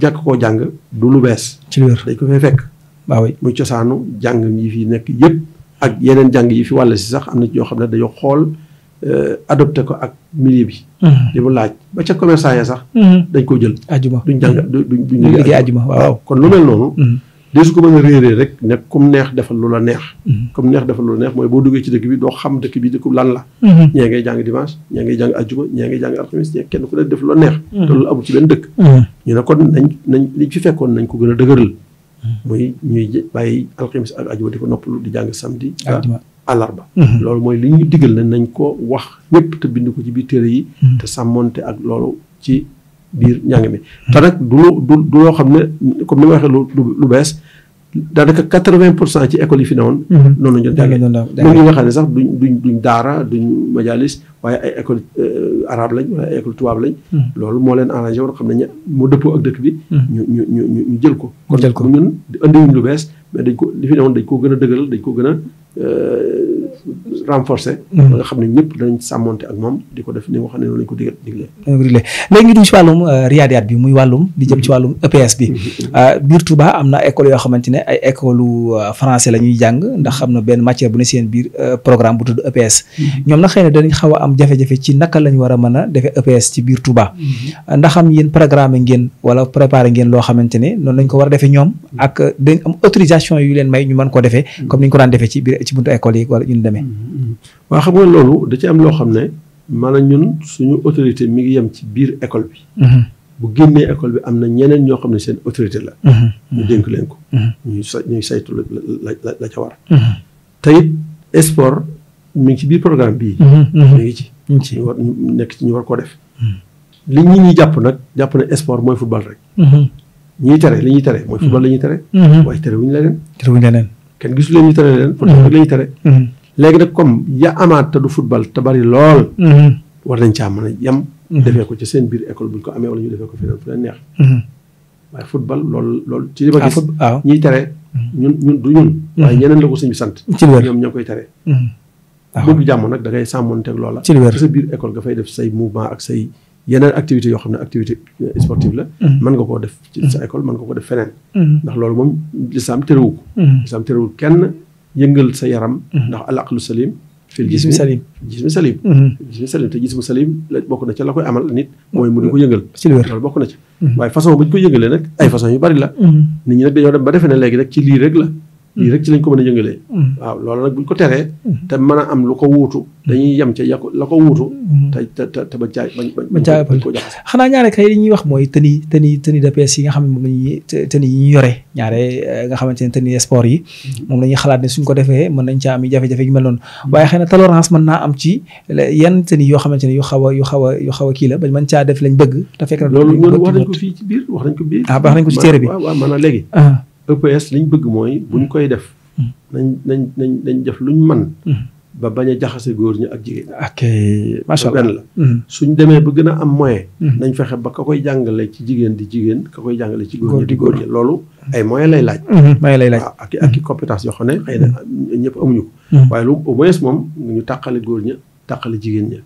jàkk koo jàng du lu bees. ci wér dañ ko fay fekk. waaw muy cosaanu jàng yi fi nekk yëpp ak yeneen jàng yi fi wàll si sax am na ci ñoo xam ne dañoo xool euh, adopté ko ak milieu bi. li mm-hmm. mu laaj ba ca commerçant ya sax. Mm-hmm. dañ ko jël. ajuma duñ jàng duñ duñ liggéey ajuma waaw kon lu mel noonu. de su ko mën a réeree rek ne comme neex defal lu la neex. comme mm-hmm. neex defal lu la neex mooy boo duggee ci dëkk bi doo xam dëkk bi dëkk lan la. ñee ngay jàng dimanche ñee ngay jàng ajuma ñee ngay kenn ku ne def lu la neex. te loolu amul ci benn dëkk. ñu ne kon nañ nañ li ci fekkoon nañ ko gën a dëgëral. muy ñuy bàyyi alxames ak ajuma di ko noppalu di jàng samedi. ak àllarba. Mhm. loolu mooy li ñu digal ne nañ ko wax ñëpp te bind ko ci biir téere yi. Mhm. te sàmmonte ak loolu ci biir njàng mi. Mhm. te nag du du du loo xam ne comme ni ma waxee lu lu bees. daanaka quatre vingt pour cent ci école yi fi newoon. noonu ñu doon jàngee. noonu la ñu sax duñ daara duñ majalis waaye ay école euh, arabe lañ waaye ay hmm. moo leen arrangé woon xam nañ moo dëppoo ak dëkk bi. Hmm. ñu ñu ñu ñu jël ko. kon jël ko ko li fi a dëgëral dañ ko a euh, hmm. moom di ko def ni nga xam ne noonu lañ ko digal digle. léegi ñu dugg ci euh, bi muy wàllum li jëm ci wàllum e yoo xamante ne ay école français la jàng ndax am na benn matière bu ne seen biir programme bu tudd EPS. ñoom nag xëy danañ xaw am am jafe-jafe ci naka lañ war a mën a defee EPS ci biir Touba. Mm-hmm. ndax am programme ngeen wala préparé ngeen loo xamante ne noonu lañ ko war a defee ñoom. Mm-hmm. ak dañ am autorisation yu leen may ñu mën ko defee. Mm-hmm. comme ni ñu ko daan defee ci buntu école yi wala ñu demee. waa xam nga loolu da ci am loo xam ne maanaam ñun suñu autorité mi ngi yem ci biir école bi. bu génnee école bi am na ñeneen ñoo xam ne seen autorité la. ñu dénk leen ko. ñuy sa ñuy saytu la la la ca war. mi ngi ci biir programme bii. ñu mhm, mhm. ngi ci ñu ci war nekk ci ñu war koo def. li ñi ñuy jàpp nag jàpp na sport mooy football rek. Mhm. ñuy tere li ñuy tere mooy football te du football te bari lool. war nañ caa mën a yem. defee ko ci seen biir école buñ ko amee wala ñu defee ko feneen fu leen neex. waaye football loolu loolu ci li ma ah, gis. ñuy tere. ñun ñun du ñun. waaye ñeneen la ko suñu sant. ci ñoom koy tere. bëgg jàmm nag da ngay sàmmonteeg loola sa biir école nga fay def say mouvement ak say yeneen activité yoo xam ne activité euh, sportive la mm-hmm. mën nga koo def sa mm-hmm. école mën nga ko def feneen mm-hmm. ndax loolu moom lislaam téréwu ko lislaam téréwu kenn yëngal sa yaram ndax al aqlu salim fil jismi salim jismi salim jismi salim te jismi salim la bokk na ca la koy amal nit mooy mu di ko yëngal loolu bokk na ca waaye façon bu ñu ko yëngalee nag ay façon yu bari la nit ba defe ne léegi rek ci lii la lii rek lañ ko mën a yëngalee. Mm. waaw loolu nag buñ ko teree. Mm. te mën a am lu ko wuutu. Mm. dañuy yem ca la ko wuutu. te ba jaay xanaa ñaare kay li ñuy wax mooy tenue tenue tenue de pièce yi nga xam ne moom la yi ñu yore ñaare eh, nga xamante ne tenue yi. Mm-hmm. moom la xalaat suñ ko defee mën nañ caa am jafe-jafe yu mel noonu. waaye xëy na tolérance mën naa am ci yan tenue yoo xamante ne yu xaw a yu xaw yu xaw a kii la bañ mën caa def lañ bëgg. te fekk na loolu wax nañ ko fii wax nañ ko biir. ah wax nañ ko ci téere bi EPS liñ bëgg mooy bu ñu mm. koy def mm. nañ nañ nañ nañ def luñ man mm. ba bañ a jaxase góor ñi ak jigéen ak macha benn la suñ demee ba gën a am moyen nañ fexe ba ka koy jàngale ci jigéen di jigéen ka koy jàngale ci góor ñi di góor ñi loolu ay moyen lay laaj mm-hmm. lay laaj ak ah, ak i mm-hmm. compétence yoo xam ne xëy na mm-hmm. ñëpp amuñu ko waaye lu au moins moom ñu tàqale góor ña tàqale jigéen ña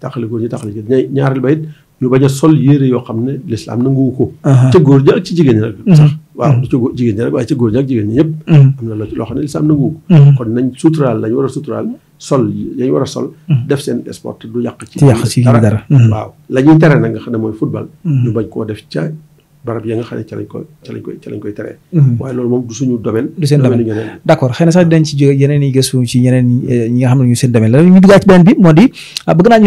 tàqale góor ña tàqale jigéen ña ba it ñu bañ a sol yére yoo xam ne l'islam nanguwu ko ca góor ña ak ci jigéen ñi nag sax waaw du mm. ci jigéen ñi rek waaye ci góor ñi ak jigéen ñi ñëpp mm. am na loo xam ne lislaam nangu ko mm. kon nañ suturaal lañ war a suturaal sol yañ war a sol def seen sport du yàq ci dara waaw la ñuy tere nag nga xam ne mooy football ñu bañ koo def ca barab ya nga xam ne ca lañ koy ca lañ koy ca lañ koy teree. Mhm. waaye loolu moom du suñu domaine. na sax dinañ ci jóge yeneen yi gëstu eh, ñu seen domaine ah, mhm. la mhm. euh, ñu duggaat ne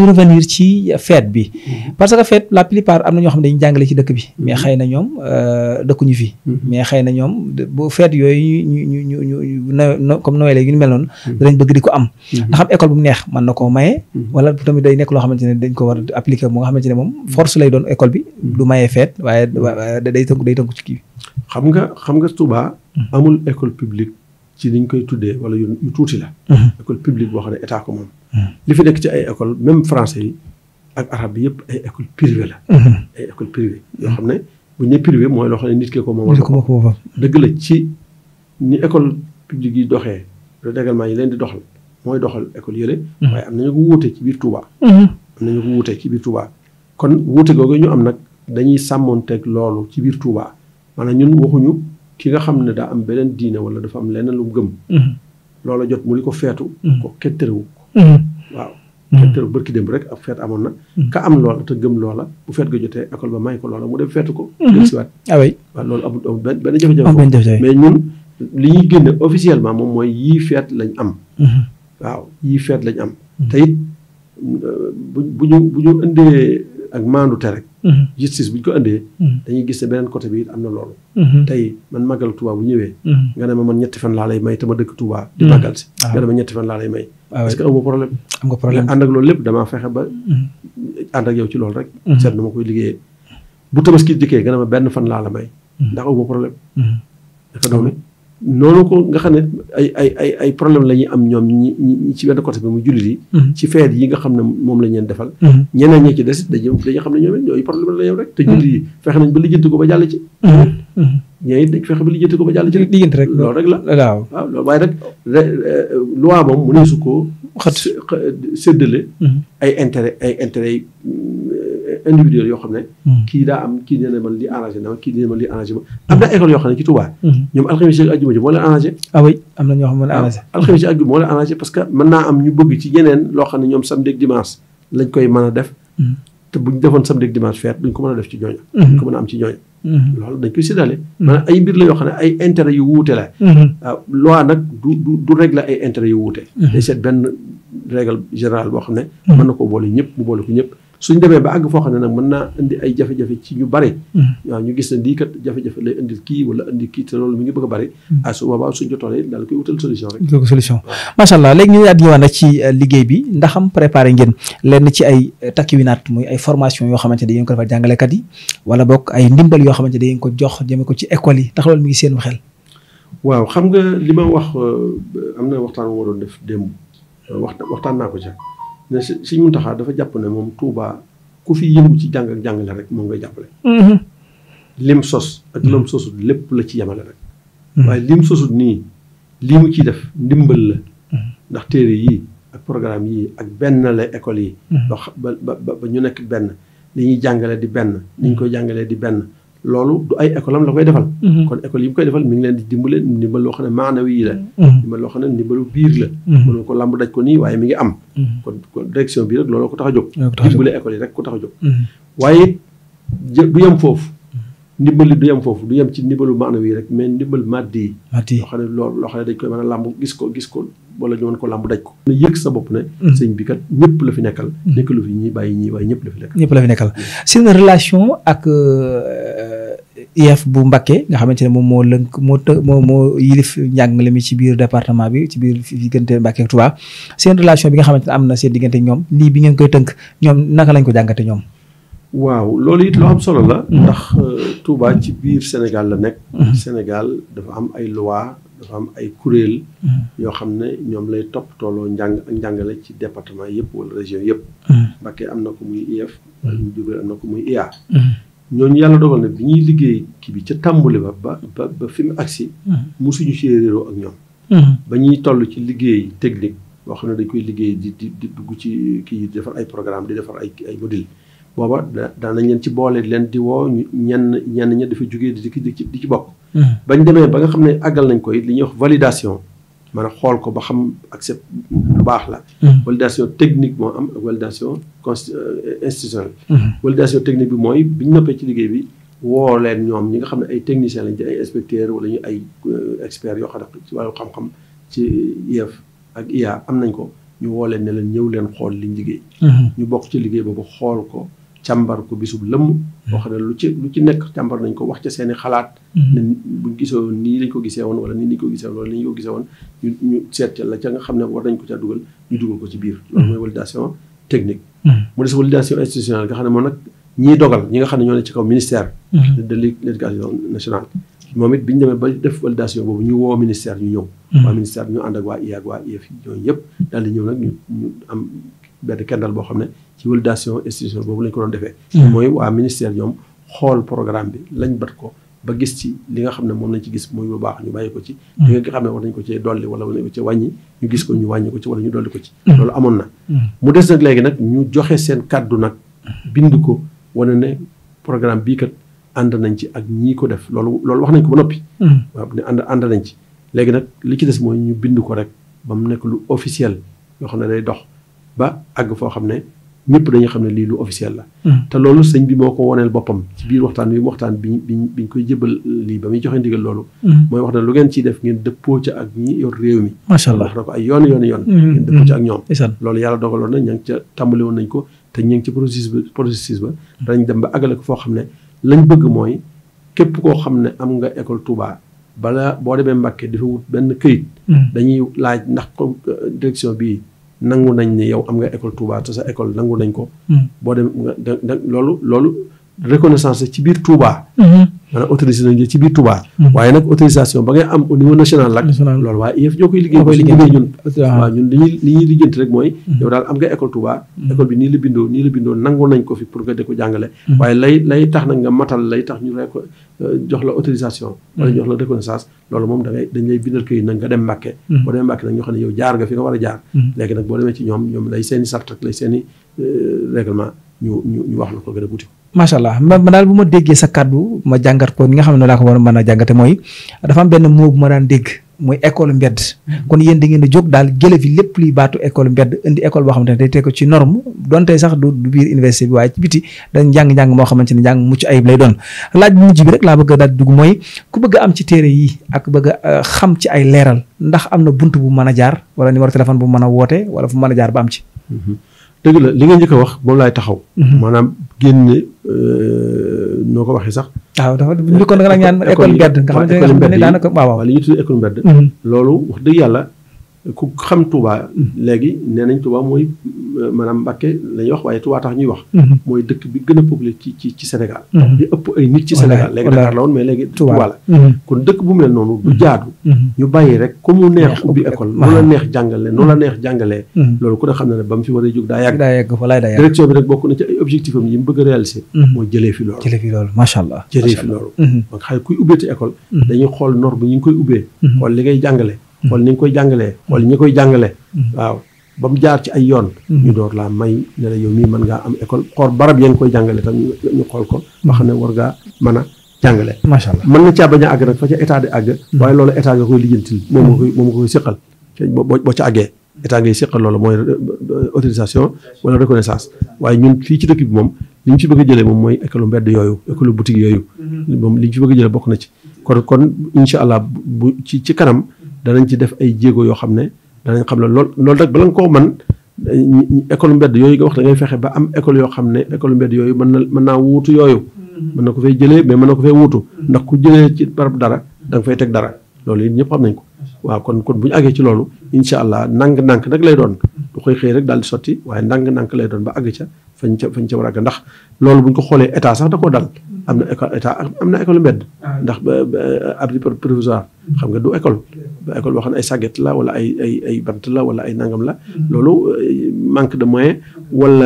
na bu ko am. ndax am école bu mu neex mën na koo maye. wala tamit day nekk loo xamante ne dañ ko war a appliquer bu nga xamante ne moom force lay doon école bi du maye fête waaye day tënk day tënk ci kii xam nga xam nga Touba. amul école publique ci niñ koy tuddee wala yu tuuti la. Mhm. école publique boo xam ne état ko moom. Mhm. li fi nekk ci ay école même français yi ak arabe bi ay école privée la. Mhm. ay école privée yoo xam ne bu ñu nee privé mooy loo nit ki ko moom. ko dëgg la ci ni école publique yi doxee règlement yi leen di doxal mooy doxal école yële. waaye am nañu ko wuute ci biir Touba. am nañu ko wuute ci biir dañuy teg loolu ci biir Touba maanaam ñun waxuñu ki nga xam ne daa am beneen diine wala dafa am leneen lu gëm. Mm-hmm. loola jot mu ni ko feetu. Mm-hmm. ko ketterewu ko. Mm-hmm. waaw ketterewu bërki démb rek ab feet amoon na. am loola te gëm bu feet ga jotee école ba may ko loola mu dem feetu ko. dem si waat ah waaw loolu amul amul benn benn jafe-jafe. mais ñun li ñuy génne officiellement moom mooy yii feet lañ am. waaw yii feet lañ am. te it euh, bu bu ñu bu ñu indee. ak maandu te rek. Mhm. justice bu ñu ko andee. Mhm. dañuy gis ne beneen côté bi it am na loolu. Mhm. tey man màggal Touba bu ñëwee. nga ne ma man ñetti fan laa lay may te ma dëkk Touba. di màggal si ah. nga ne ma parce ah que am nga problème ànd ak loolu lépp damaa fexe ba. ànd ak yow ci loolu rek. seet na ma koy liggéeyee. bu tabaski dikkee nga ne ma benn fan laa la may. ndax amoo problème. noonu ko nga xam ne ay ay ay problème la ñuy am ñoom ñi ñi ci benn côté bi mu jullit yi. Mhm. ci feet yi nga xam ne moom la ñu leen defal. Mhm. ñeneen ñi ci des it dañuy dañuy xam ne ñoom it ñooy problème la ñoom rek. te mhm. jullit yi fexe nañ ba lijjanti ko ba jàll ci. ñooñu dañ fexe ba lijjanti ko ba jàll ci. loolu rek la waaw. waaw loolu waaye nag loi moom mu ne su ko. xat séddale. ay intérêt ay intérêt individuel yoo xam ne hmm. kii daa am kii nee na man li arrangé na kii nee na man li arrangé hmm. am na école yoo xam ne ci Touba hmm. ñoom alxames ak ajjuma ji ah ah, moo leen arrangé parce que mën naa am ñu bëgg ci yeneen loo xam ne ñoom samedi dimanche lañ koy mën a def te buñ defoon samedi ak dimanche feet duñ ko mën a def ci ñooñu a loolu dañ koy séddale maanaam ay mbir la yoo xam ne ay intérêt yu wuute la ah, loi nag du du ay intérêt yu wuute day seet benn règle générale boo xam ne mën na ko boole suñ demee ba àgg foo xam ne nag mën naa indi ay jafe-jafe ci ñu bare mm-hmm. waaw ñu gis ne lii kat jafe-jafe lay indil kii wala indi kii te loolu mi ngi bëgg a bare mm-hmm. ah su boobaa suñ jotoolee daal koy wutal solution rek solution macha allah léegi ñu daal di ñëwaat nag ci euh, liggéey bi ndax préparé ngeen lenn ci ay euh, takkiwinaat muy ay formation yoo xamante da ngeen ko defal jàngalekat yi wala bokk ay ndimbal yoo xamante da ngeen ko jox jëme ko ci école yi ndax loolu mi ngi xel waaw xam nga li ma wax euh, am na waxtaan waroon def démb waxtaan naa ko ca ne sëñ Muntaxa dafa jàpp ne moom Touba ku fi yëngu ci jàng ak jàngale rek moom ngay jàppale. Mm-hmm. lim sos ak lim mm-hmm. sosut lépp la ci yemale rek. Mm-hmm. waaye lim sosut nii lii mu ci def ndimbal la. ndax téere yii ak programme yii ak benn la école yi. ba ba ba ñu nekk benn li ñuy jàngale di benn ni ñu koy jàngalee di benn. loolu du ay école am la koy defal. Mhm. kon école yi mu koy defal mi ngi leen di dimbale ndimbal loo xam ne maanawi yi la. Mhm. ndimbal loo xam ne ndimbalu biir la. mënoo mhm. ko lamb daj ko nii waaye mi ngi am. kon kon direction bi rek looloo ko tax a jóg. dimbale école yi rek ko tax a jóg. waaye du yem foofu. ndimbali du yem foofu du yem ci ndimbalu maanawi yi rek mais ndimbal màddi yi. màddi yi loo xam ne loolu loo xam ne dañ koy mën a lamb gis ko gis ko wala ñu mën ko lamb daj ko. na yëg sa bopp ne. sëñ bi kat ñëpp la fi nekkal. nekkalu fi ñii bàyyi ñii waaye ñëpp la fi nekkal. ñëpp la fi nekkal seen relation ak euh, IEF bu Mbacké nga xamante ne moom moo lënk moo të moo moo yilif njàngale mi ci biir département bi ci biir diggante Mbacké ak Touba seen relation bi nga xamante ne am na seen diggante ñoom lii bi ngeen koy tënk ñoom naka lañ ko jàngate ñoom. waaw loolu it lu solo la. Mm-hmm. ndax euh, Touba ci biir Sénégal la nekk. Mm-hmm. Sénégal dafa am ay loi am ay kuréel. Mm-hmm. yoo xam ne ñoom lay topp tooloo njàng ci département yëpp wala région yëpp. Mbacké am na ko muy IEF. ñooñu yàlla dogal na bi ñuy liggéey kii bi ca tàmbali ba ba ba fi mu agsi hmm. mosuñu ci réeroo ak ñoom hmm. ba ñuy toll ci liggéey technique boo xam ne dañ koy liggéey di di dugg ci kii di defar ay programme di defar ay ay modèle booba daanañ leen ci boolee leen di woo ñenn ñenn ña dafa jógee di di di ci bokk hmm. bañ demee ba nga xam ne àggal nañ koy li ñuy wax validation man xool ko ba xam accept baax la hmm. validation technique moo am ak validation euh, institutionnelle hmm. validation technique bi mooy bi ñu noppee ci liggéey bi woo leen ñoom ñi nga xam ne ay techniciens lañ ci ay inspecteurs wala ñu ay euh, experts yoo xam ne ci wàllu xam ci IEF ak IA am nañ ko ñu woo leen ne leen ñëw leen xool liñ liggéey hmm. ñu bokk ci liggéey boobu xool ko càmbar ko bisub lëmm. boo xam hmm. ne lu ci lu ci nekk càmbar nañ ko wax ca seeni xalaat. Hmm. ne buñ gisoon nii lañ ko gisee woon wala nii lañ ko gisee woon wala nii lañ ko gisee woon ñu seet ca la ci hmm. nga xam ne moom nag ñiy dogal ñi nga xam ne ñoo ne ci kaw ministère. de l'éducation nationale. moom it bi ñu demee ba def validation boobu ñu woo ministère ñu ñëw. waa ministère ñu ànd ak waa IA ak waa IEF ñooñu yëpp daal di ñëw nag ñu am. benn kendal boo xam ne ci validation institution boobu la ñu ko doon defee hmm. mooy waa ministère ñoom xool programme bi lañ bat ko ba gis ci li nga xam ne moom lañ ci gis muy bu baax ñu bàyyi ko ci hmm. li nga xam ne war nañ ko cee ñu gis ko ñu wàññi ko ko ci hmm. loolu amoon na mu des nag léegi nag ñu joxe seen kàddu nag bind ko wane ne programme bii kat ànd nañ ci ak ñii ko def loolu loolu wax nañ ko ba noppi waaw ne ànd ànd nañ ci léegi nag li ci des mooy ñu bind ko rek ba mu nekk lu officiel yoo xam ne day dox ba àgg foo xam ne ñëpp dañu xam ne lii lu officiel la. Hmm. te loolu sëñ bi moo ko woneel boppam. ci biir waxtaan bi waxtaan bi biñ biñ koy jëbal lii ba muy joxe ndigal loolu. Hmm. mooy wax na lu ngeen ciy def ngeen dëppoo ca ak ñi yor yoon yoon yoon. Hmm. ngeen dëppoo ca ak ñoom. loolu yàlla dogaloon na ña ca tàmbali nañ ko te ñu ngi ci processus ba processus ba. dañ dem ba àggale ko foo xam ne lañ bëgg mooy képp koo xam ne am nga école Touba. bala boo demee Mbàkke dafa wut benn këyit. dañuy laaj ndax direction bii nangu nañ ne yow am nga école Touba te sa école nangu nañ ko. Hmm. boo dem loolu loolu reconnaissance ci biir Touba. Mhm. maanaam autorisé mhm. waaye nag autorisation ba ngay am niveau national la. loolu waaye ñoo koy liggéey. ñun. waaw ah. ñuy li rek mooy. Mhm. yow daal am nga école Touba. école bi nii la bindoo nii nañ ko fi pour nga di ko jàngale. waaye lay tax nag nga matal lay tax ñu rek euh, jox la autorisation. wala jox la reconnaissance loolu moom da ngay dañ lay bindal këyit nag nga dem Mbàkke. boo demee Mbàkke nag ñoo xam ne yow jaar nga fi nga war a euh, ko gën macha allah ma daal bu ma déggee sa kàddu ma jàngat ko ni nga xam ne laa ko war a mën a jàngate mooy dafa am benn bu ma daan dégg mooy école mbedd mm-hmm. kon yéen di ngeen a jóg daal jële fi lépp luy baatu école mbedd indi école boo xamante ne day teg ko ci norme donte sax waaye ci biti dañ njàng moo xamante ne njàng mucc ayib lay doon laa bu mujj bi rek laa bëgg a daal dugg mooy ku bëgg am ci téere yi ak bëgg euh, xam ci ay leeral ndax am na bunt bu mën a jaar wala numéro téléphone bu mën a woote wala fu mën a jaar ba am ci mm-hmm. dëgg la li nga njëkk a wax moom laay taxaw. Mhm. maanaam génn euh, noo ko waxee sax. waaw dafa njëkkoon da nga ñaan école mbedd. nga xamante ne daanaka waaw waaw li ñuy tudd école mbedd. Mhm. loolu wax dëgg yàlla. ku xam Touba. Mm-hmm. léegi nee nañ Touba mooy euh, maanaam Mbacke la ñuy wax waaye Touba tax ñuy wax. Mm-hmm. mooy dëkk bi gën a populaire ci ci ci Sénégal. bi mm-hmm. ëpp ay nit ci Sénégal léegi Dakar la woon mais léegi Touba la. ñu bàyyi rek ku mu neex ubbi école nu la neex jàngale la neex jàngalee. loolu ku ne xam na ne ba mu fi war a jóg daa yàgg. daa yàgg walaay daa bi rek bokk na ci ay objectif am yi mu bëgg a réaliser. mooy jëlee fi loolu. jëlee allah. jëlee fi loolu. donc xëy kuy ubbeeti école. dañuy xool nor bi ñu ngi koy ubbee. xool li ngay jàngale wala ni nga koy jàngalee wala ñi koy jàngale hmm. waaw ba mu jaar ci ay yoon hmm. ñu door laa may ne la yow mii mën ngaa am école xool barab yaa ngi koy jàngale tam ñu xool ko ba xam ne war ngaa mën a jàngale macha allah mën na caa bañ a àgg nag fa ca état di àgg hmm. waaye loolu état nga koy lijjantil moom nga koy moom nga koy siqal boo ca àggee état mooy euh, ñun fii ci dëkk moom li ñu a jëlee moom mooy école mbedd yooyu école boutique yooyu moom li ñu fi bëgg a jëlee bokk na ci kon kon incha allah bu ci ci kanam danañ ci def ay jéego yoo xam ne danañ xam ne lool loolu rek bala nga koo man école mbedd yooyu nga wax da ngay fexe ba am école yoo xam ne école mbedd yooyu man na mën naa wutu yooyu mm-hmm. mën na ko fay jëlee mais mën na ko fay wuutu mm-hmm. ndax ku jëlee ci barab dara da fay teg dara loolu it ñëpp xam nañ ko waaw kon kon bu ñu àggee ci loolu incha allah ndànk-ndànk nag lay doon du koy xëy rek daal di sotti waaye ndànk-ndànk lay doon ba àgg ca fañ ca ca war a àgg ndax loolu buñ ko xoolee état sax da koo dal am na école état am na école mbedd ah. ndax abri provisoire xam nga du école mm-hmm. ba école xam ne ay sàgget la wala ay ay bant la wala ay nangam la mm-hmm. loolu euh, manque de moyen wala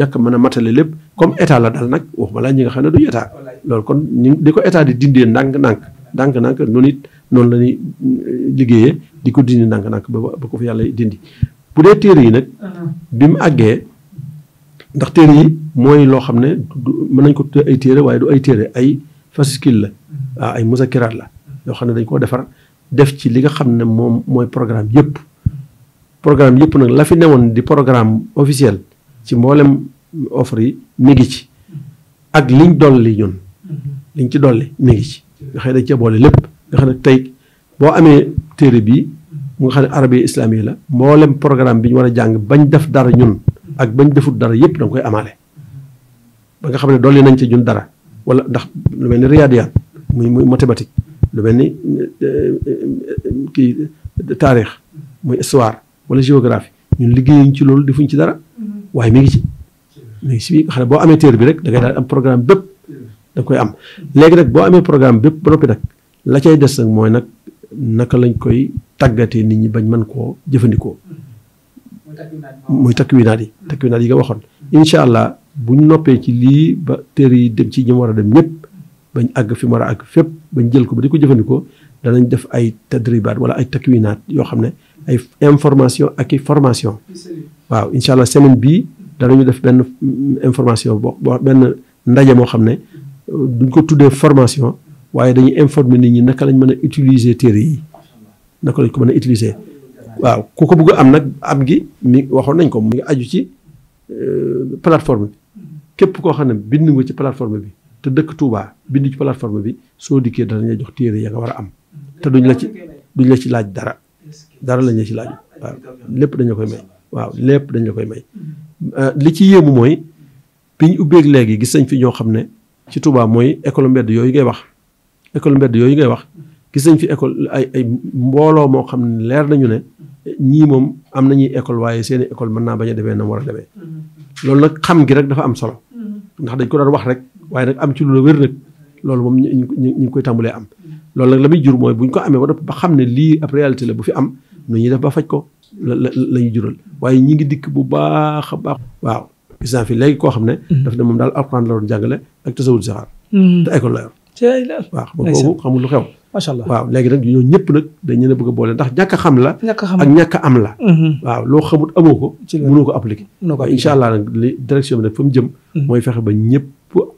ñàkk man a matale lépp comme état la dal nag waxuma laa ñi nga xam ne duñu état loolu kon ñu di ko état di dindee ndànk-ndànk ndànk-ndànk noonu it noonu la ñuy euh, liggéeyee di ko dindi ndànk-ndànk ba ba ko fi yàlla dindi bu dee téere yi nag ah. bi ndax téere yi mooy loo xam ne mën nañ ko tuddee ay téere waaye du ay téere ay fascicule la ah ay musakiraat la yoo xam ne dañ koo defar def ci li nga xam ne moom mooy programme yëpp programme yëpp nag la fi newoon di programme officiel ci mboolem offre yi mi ngi ci ak liñ dolli ñun liñ ci dolli mi ngi ci nga xam ne dañ cee boole lépp nga xam ne tey boo amee téere bii mu nga xam ne arabe islami la mboolem programme bi ñu war a jàng bañ def dara ñun ak bañ defut dara yépp da koy amaale ba nga xam ne dolli nañ ci ñun dara wala ndax lu mel ni riyaadiyaat muy muy mathématique lu mel ni euh, kii taarix muy histoire wala géographie ñun liggéeyuñ ci loolu defuñ ci dara mm-hmm. waaye mi ngi ci mu ngi si nga xam boo amee téere bi rek dangay ngay daal am programme bépp da koy am léegi rek boo amee programme bépp ba noppi nag la cay des nag mooy nag naka lañ koy tàggatee nit ñi bañ mën koo jëfandikoo mooy takkuwinaat yi mm-hmm. takkuwinaat yi nga waxoon incha allah bu ñu noppee ci lii ba téere yi dem ci ñi war a dem ñëpp bañ àgg fi mu war a àgg fépp bañ jël ko ba di ko jëfandikoo danañ def ay tadribaat wala ay takkuwinaat yoo xam ne ay information ak i formation waaw incha allah semaine bii danañu def benn information boo ndaje moo xam ne duñ ko tuddee formation waaye dañuy informer nit ñi naka lañ mën a utiliser téere yi naka lañ ko mën a utiliser waaw ku ko bëgg am nag ab gi ni waxoon nañ ko mu ngi aju ci euh, plateforme bi képp koo xam ne bind nga ci plateforme bi te dëkk Touba bind ci plateforme bi soo dikkee danañ la jox téere ya nga war a am te duñ la ci duñ la ci laaj dara dara lañu la ci laaj waaw lépp dañ la koy may waaw lépp dañ koy may euh, li ci yéemu mooy bi ñu ubbeeg léegi gis nañ fi ñoo xam ne ci Touba mooy école yooyu ngay wax école yooyu ngay wax gis nañ fi école ay ay mbooloo moo xam ne leer nañu ne ñii moom am nañuy ecole waaye seeni école man naa bañ a demee na mu war a demee loolu nag xam gi rek dafa am solo ndax dañ ko daan wax rek waaye nag am ci lu la wér loolu moom ñu ñu ngi koy am. loolu nag la muy jur mooy ko amee ba xam ne lii bu fi am nu ñuy def ba faj ko la la la ñuy waaye ñi ngi dikk bu baax a baax. waaw gis naa fi léegi koo xam ne. Mm-hmm. daf ne moom daal alxuraan la doon jàngale ak tasawul saxaar. Mm-hmm. te école la yor. waaw xam kooku xamul lu xew. macha allah waaw léegi nag ñoo ñëpp nag dañ leen a bëgg a boole ndax ñàkk xam la. ñàkk a xam ak ñàkk am la. Mm-hmm. waaw loo xamut amoo ko. ci mënoo ko appliquer. mënoo ko incha allah nag li direction bi nag fa jëm. Mm-hmm. mooy fexe ba ñëpp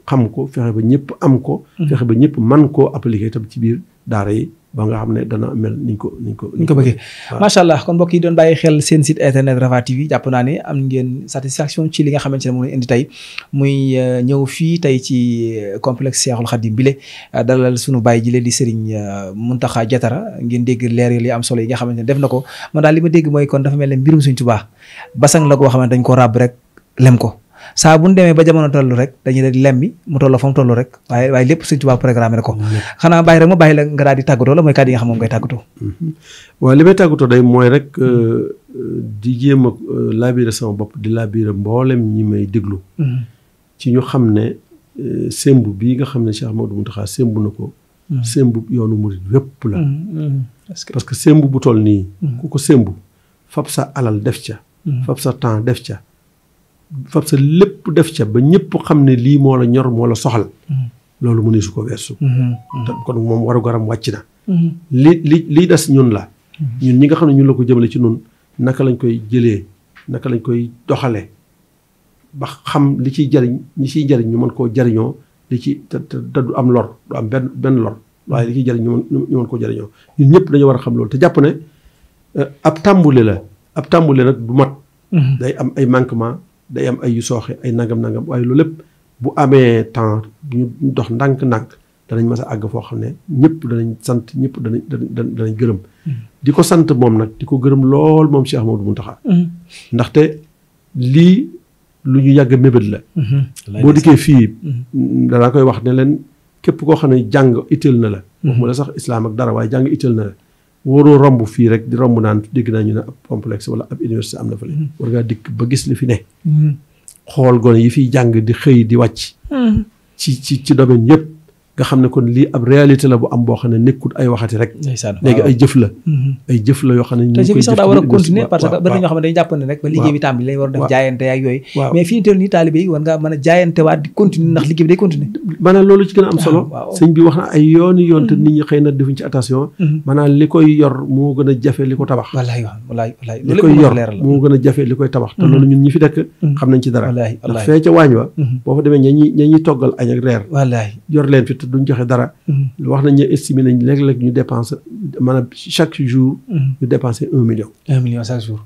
xam ko fexe ba ñëpp am ko. Mm-hmm. fexe ba ñëpp man koo appliquer tam ci biir daara yi. ba nga xam ne dana mel niñ ko niñ ko ko bëggee macha allah kon mbokk yi doon bàyyi xel seen site internet Rafah TV jàpp naa ne am ngeen satisfaction ci li nga xamante ne moom la indi tey muy euh, ñëw fii tey ci euh, complexe Cheikhul Khadim bile euh, dalal sunu bàyyi jile di Serigne Mountakha jatara ngeen dégg leer yi li am solo yi nga xamante ne def na ko moo daal li ma dégg mooy kon dafa mel ne mbirum suñ tubaa basang la koo xamante dañ ko ràbb rek lem ko saa bu ñu ba jamono toll rek dañuy rek lemmi mu toll fa mu toll rek waaye waaye lépp Sëñ Tuubaa programme rek ko mm-hmm. xanaa bàyyi rek ma bàyyi la nga daal di tàggatoo la mooy kàddu yi nga xam moom ngay mm-hmm. li may tàggatoo day mooy rek euh, di jéem a euh, laabiira sama bopp di laabiira mboolem ñi may déglu mm-hmm. ci ñu xam ne euh, sémb bii nga xam ne Cheikh Ahmadou Mountakha sémb na ko sémb yoonu murid wépp la parce que sémb bu toll nii ku ko sémb fab sa alal def ca fab sa temps def ca fab sa lépp def ca ba ñëpp xam ne lii moo la ñor moo la soxal. Mm-hmm. loolu mu ne su ko weesu. Mm-hmm. kon moom waru garam wàcc na. Mm-hmm. lii li des ñun la. ñun ñi nga xam ne ñu la ko jëmale ci ñun naka lañ koy jëlee naka lañ koy doxalee ba xam li ciy jariñ ñi ciy jariñ ñu mën koo jariñoo li ci te te du am lor du am benn benn lor waaye li ciy jariñ ñu mën koo jariñoo ñun ñëpp dañu war a xam loolu te jàpp ne euh, ab tàmbule la ab tàmbule nag du mat. day am ay manquement. day am ay yu sooxe ay nangam nangam waaye loolu lépp bu amee temps ñu dox ndànk-ndànk danañ mas àgg foo xam ne ñëpp danañ sant ñëpp danañ danañ gërëm. Mm-hmm. di ko sant moom nag di ko gërëm lool moom Cheikh Amadou Mountakha. Mm-hmm. ndaxte lii lu ñu yàgg mébét la. Mm-hmm. boo dikkee fii. danaa koy wax ne képp koo xam ne jàng itteel na la. waxuma la sax islaam ak dara waaye jàng itteel na la. waroo romb fii rek di romb naan dégg naa ñu ne ab complexe wala ab université am na fële. Mm-hmm. war ngaa dikk ba gis li fi ne. Mm-hmm. xool gone yi fiy jàng di xëy di wàcc. Mm-hmm. ci ci ci domaine nga xam ne kon lii ab réalité la bu am boo xam ne nekkut ay waxati rek. léegi ay jëf la. Mm-hmm. ay jëf la yoo xam ne ñu ngi a rek. ba liggéey bi tàmbali a a bi day a ah, mm-hmm. xëy na defuñ ci attention. Mm-hmm. maanaam li koy yor moo gën a jafe li ko tabax. a te loolu ñun ñi fi dëkk xam nañ ci dara. ndax fee ca waañ wa. boo fa demee ña ñuy toggal ak reer. yor leen fi duñ joxe dara. Mm-hmm. wax nañ ne estimé nañ léeg-léeg ñu dépense maanaam chaque jour. Mm-hmm. ñu dépensé un million. un million chaque jour.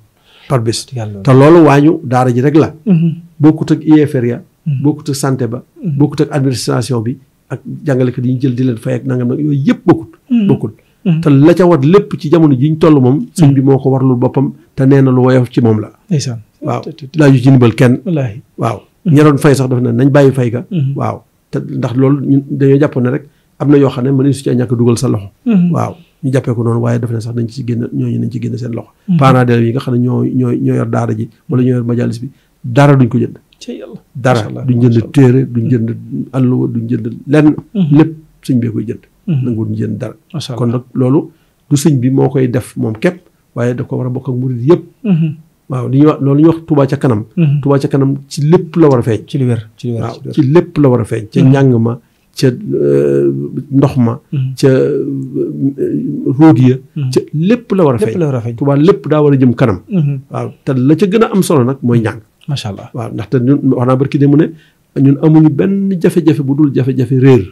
par bés te loolu waañu daara ji rek la. Mm-hmm. bokkut ak IFR ya. bokkut ak santé ba. bokkut ak administration bi ak jàngalekat yi ñu jël di leen fay ak nangam nag yooyu yëpp bokkut. bokkut te la ca war lépp ci jamono ji ñu toll moom. sëñ bi moo ko warlul boppam te nee na lu woyof ci moom la. ndeysaan waaw laaju ci ndimbal kenn. waaw ña doon fay sax daf ne nañ bàyyi fay ka waaw. te ndax loolu ñun dañoo jàpp ne rek am na yoo xam ne mënuñu su cee ñàkk dugal sa loxo mm-hmm. waaw ñu jàppee ko noonu waaye daf ne sax nañ ci génn ñooñu nañ ci génn seen loxo mm-hmm. parents d'élèves yi nga xam ne ñoo ñoo ñoo yor daara ji wala ñoo yor majalis bi dara duñ ko jënd dara duñ jënd téere duñ jënd alluwa duñ jënd lenn mm-hmm. lépp sëñ bee koy jënd nangu duñ jënd dara kon nag loolu du sëñ bi moo koy def moom képp waaye daf ko war a bokk ak murid yëpp waaw li ñuy wax loolu ñuy wax Touba ca kanam. Mhm. Touba ca kanam ci lépp la war a feeñ. ci li lépp la war a feeñ. ca mhm. njàng ma euh, ndox ma. Mhm. Euh, ca lépp la a feeñ lépp la lépp daa war a jëm kanam. waaw te la ca gën a am solo nag mooy njàng. macha allah waaw ndaxte ñun wax naa barki de mu ne ñun amuñu benn jafe-jafe bu dul jafe-jafe réer.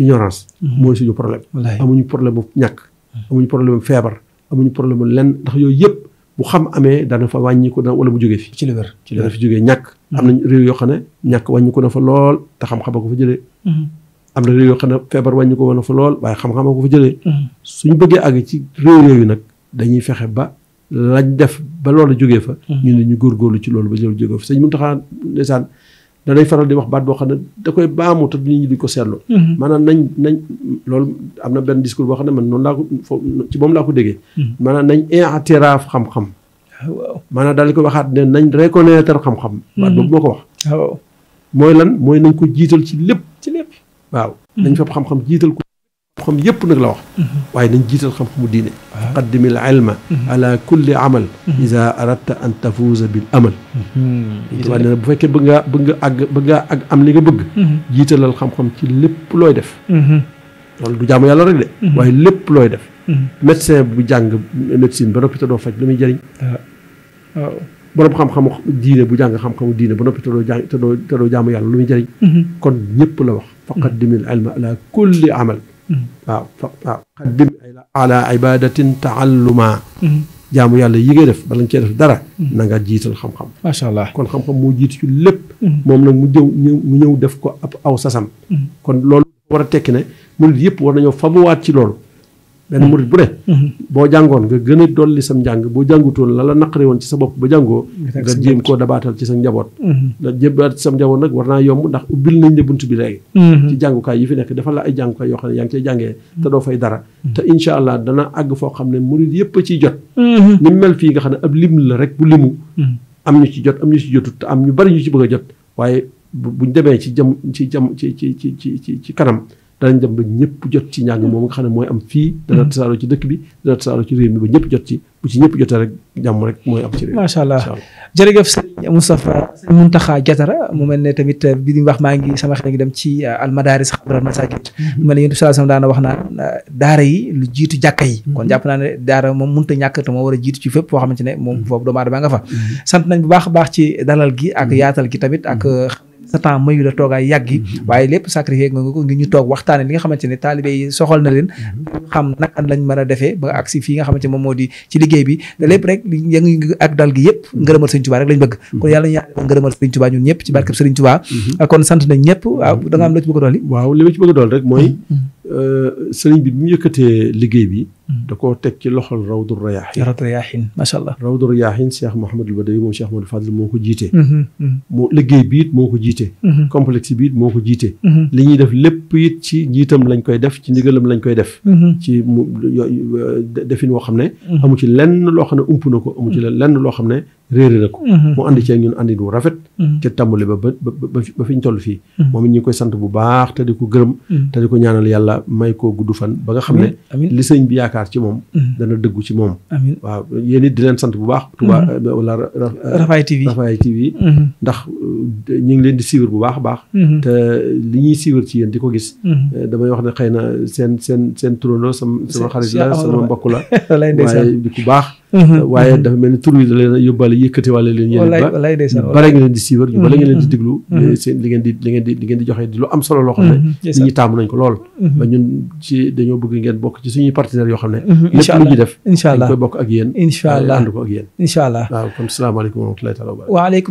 ignorance. mooy suñu problème. amuñu problème bu ñàkk. amuñu problème feebar amuñu problème lenn ndax yooyu yëpp. bu xam amee dana fa wàññiku dana wala mu jógee fi. ci la wér ci la wér dana fi jógee ñàkk. am na réew yoo xam ne ñàkk wàññiku na fa lool te xam-xam ko fa jëlee. Mm-hmm. am na réew yoo ne feebar wàññiku na fa lool waaye xam-xam ko fa jëlee. Mm-hmm. suñu bëggee àgg ci réew yooyu nag dañuy fexe ba lañ def ba loolu jógee fa. Mm-hmm. ñu ne ñu góorgóorlu ci loolu ba loolu jógee fa sëñ Muntaxa ndeysaan danay faral di wax baat boo xam ne da koy baamu a nit ñu di ko seetlu. Mhm. maanaam nañ nañ loolu am na benn discours boo xam ne man noonu laa ko ci moom laa ko déggee. Mhm. maanaam nañ intiraaf xam-xam. Ah, waaw maanaam daal di ko waxaat ne nañ reconnaître xam-xam. baat boobu mhm. moo ko wax. Ah, waaw mooy lan mooy nañ ko jiital ci lépp. ci waaw. nañ fa xam-xam jiital ko. xam yëpp nag la wax mhm. waaye nañ jiital xam-xamu diine ah. qaddimil ilma mhm. ala kulli amal mhm. ida aradta an tafuuza bil amal waa nee na bu fekkee bëgg ngaa bëgg nga àgg bëgg ngaa àgg am li nga bëgg jiitalal xam-xam ci lépp looy def loolu du jaamu yàlla rek de waaye lépp looy def médecin bu jàng médecine ba noppi te doo faj lu muy ah. xamu diine ba noppi te doo jàng yàlla lu muy jëriñ kon ñëpp la wax faqaddimil ilma ala kulli amal waaw waaw xaddim ala ibadatin taalluma jaamu yàlla yi ngay def bala nga cee def dara na nga jiital xam-xam macha allah kon xam-xam moo jiit ci lépp moom nag mu jëw mu ñëw def ko ab aw sasam mm. kon loolu war a tekki ne murid yëpp war nañoo fabuwaat ci loolu benn murit bu ne. Mhm. boo jàngoon nga gën a dolli sam njàng boo jàngutoon la la naqari woon ci sa bopp ba jàngoo. nga jéem koo dabaatal ci sa njaboot. da mhm. jéem ci sam njaboot nag war naa yomb ndax ubbil nañ la bunt bi léegi. Mhm. ci jàngukaay yi fi nekk dafa la ay jàngukaay yoo xam ne yaa ngi cay jàngee. te doo fay dara. te incha allah dana àgg foo xam ne murit yëpp a jot. ni mel fii nga xam ne ab lim la rek bu limu. am ñu ci jot am ñu ci jotut te am ñu bari ñu ci bëgg a jot waaye buñ demee ci jam ci jam ci ci ci ci ci kanam danañ dem ba ñëpp jot ci njàng moom nga xam ne mooy am fii dana tasaaroo ci dëkk bi dana tasaaroo ci réew mi ba ñëpp jot ci bu ci ñëpp jotee rek jàmm rek mooy am ci réew mi macha allah jërëjëf sëriñ Moustapha sëriñ Mountakha Diatara mu mel ne tamit euh, bi di wax maa ngi sama xel ngi dem ci euh, almadaris xabral masajid mu mhm. mel ne yéen tusaa sama daana wax naan euh, daara yi lu jiitu jàkka yi mhm. kon jàpp naa ne daara moom mënta ñàkk te moo war a jiitu ci fépp foo xamante ne moom mhm. foofu doomu aadama nga fa sant nañ bu baax a baax ci dalal gi ak yaatal gi tamit sa temps mayu la toogaay yàgg mm-hmm. waaye lépp sacrifié nga nga ko ngi ñu toog waxtaane li nga xamante ne taalibe yi soxal na leen mm-hmm. xam naka lañ mën a defee ba ak si fii nga xamante moom moo di ci liggéey bi da lépp rek yëngu ak dal gi mhm. mhm. mhm. a dool yi waaw li ma ci bëgg a euh, bi mu yëkkatee liggéey bi da koo teg ci loxol rawdu rayaaxin rawdu rayaaxin macha allah rawdu rayaaxin cheikh mahamadul badawi moom cheikh mahamadul fadl moo ko jiite moo bi it moo ko jiite complexe bi it moo ko li ñuy def lépp it ci njiitam lañ koy def ci ndigalam lañ koy def ci mu defin woo xam ne mhm. amu ci lenn loo xam ne ump na ko mu ci mhm. lenn loo xam ne réere na ko mhm. mu ànd ci ak ñun àndin wu rafet mhm. ca tàmbali ba ba ba fi ñu toll fii mhm. moom it ñu ngi koy sant bu baax te di ko gërëm te di ko ñaanal yàlla may koo gudd fan ba nga xam ne li sëñ bi yaakaar ci moom dana dëggu ci moom waaw yéen di leen sant bu baax Touba euh, wala Rafah TV Rafah TV ndax euh, ñu ngi leen di suivre bu baax a baax te li ñuy suivre ci yéen di ko gis euh, damay wax ne xëy na seen seen seen turandoo sama sama xarit la sama mbokk la waaye di ku baax Mm-hmm. waaye mm-hmm. dafa mel ni tur wi da leen a yóbbaale yëkkati wàlle leen yéen ba bare ngeen leen di mm-hmm. diglu li ngeen di joxe di lu am solo loo xam ne lépp lu def incha allah waaw kon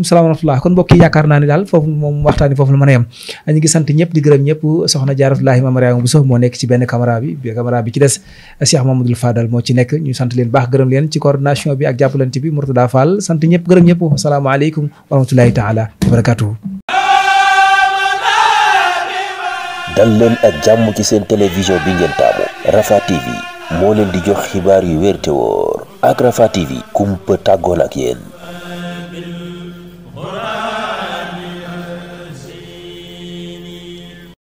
salaamaaleykum yaakaar naa ni daal foofu moom waxtaan foofu la mën a yem ñu ngi sant ñëpp di gërëm ñëpp soxna Jaaratullaahi Maam Mariama Bousso moo nekk ci benn caméra bi caméra bi ci des Cheikh Mamadou Fadal moo ci nekk ñu sant leen baax gërëm leen coordination bi ak jàppalante bi Mourtada Fall sant ñëpp ñëpp asalaamaaleykum wa rahmatulahi taala wa barakatuhu dal leen ak jàmm ci seen télévision bi ngeen taamu Rafah TV moo leen di jox xibaar yu wér te ak Rafah TV kumpa tàggoon ak yéen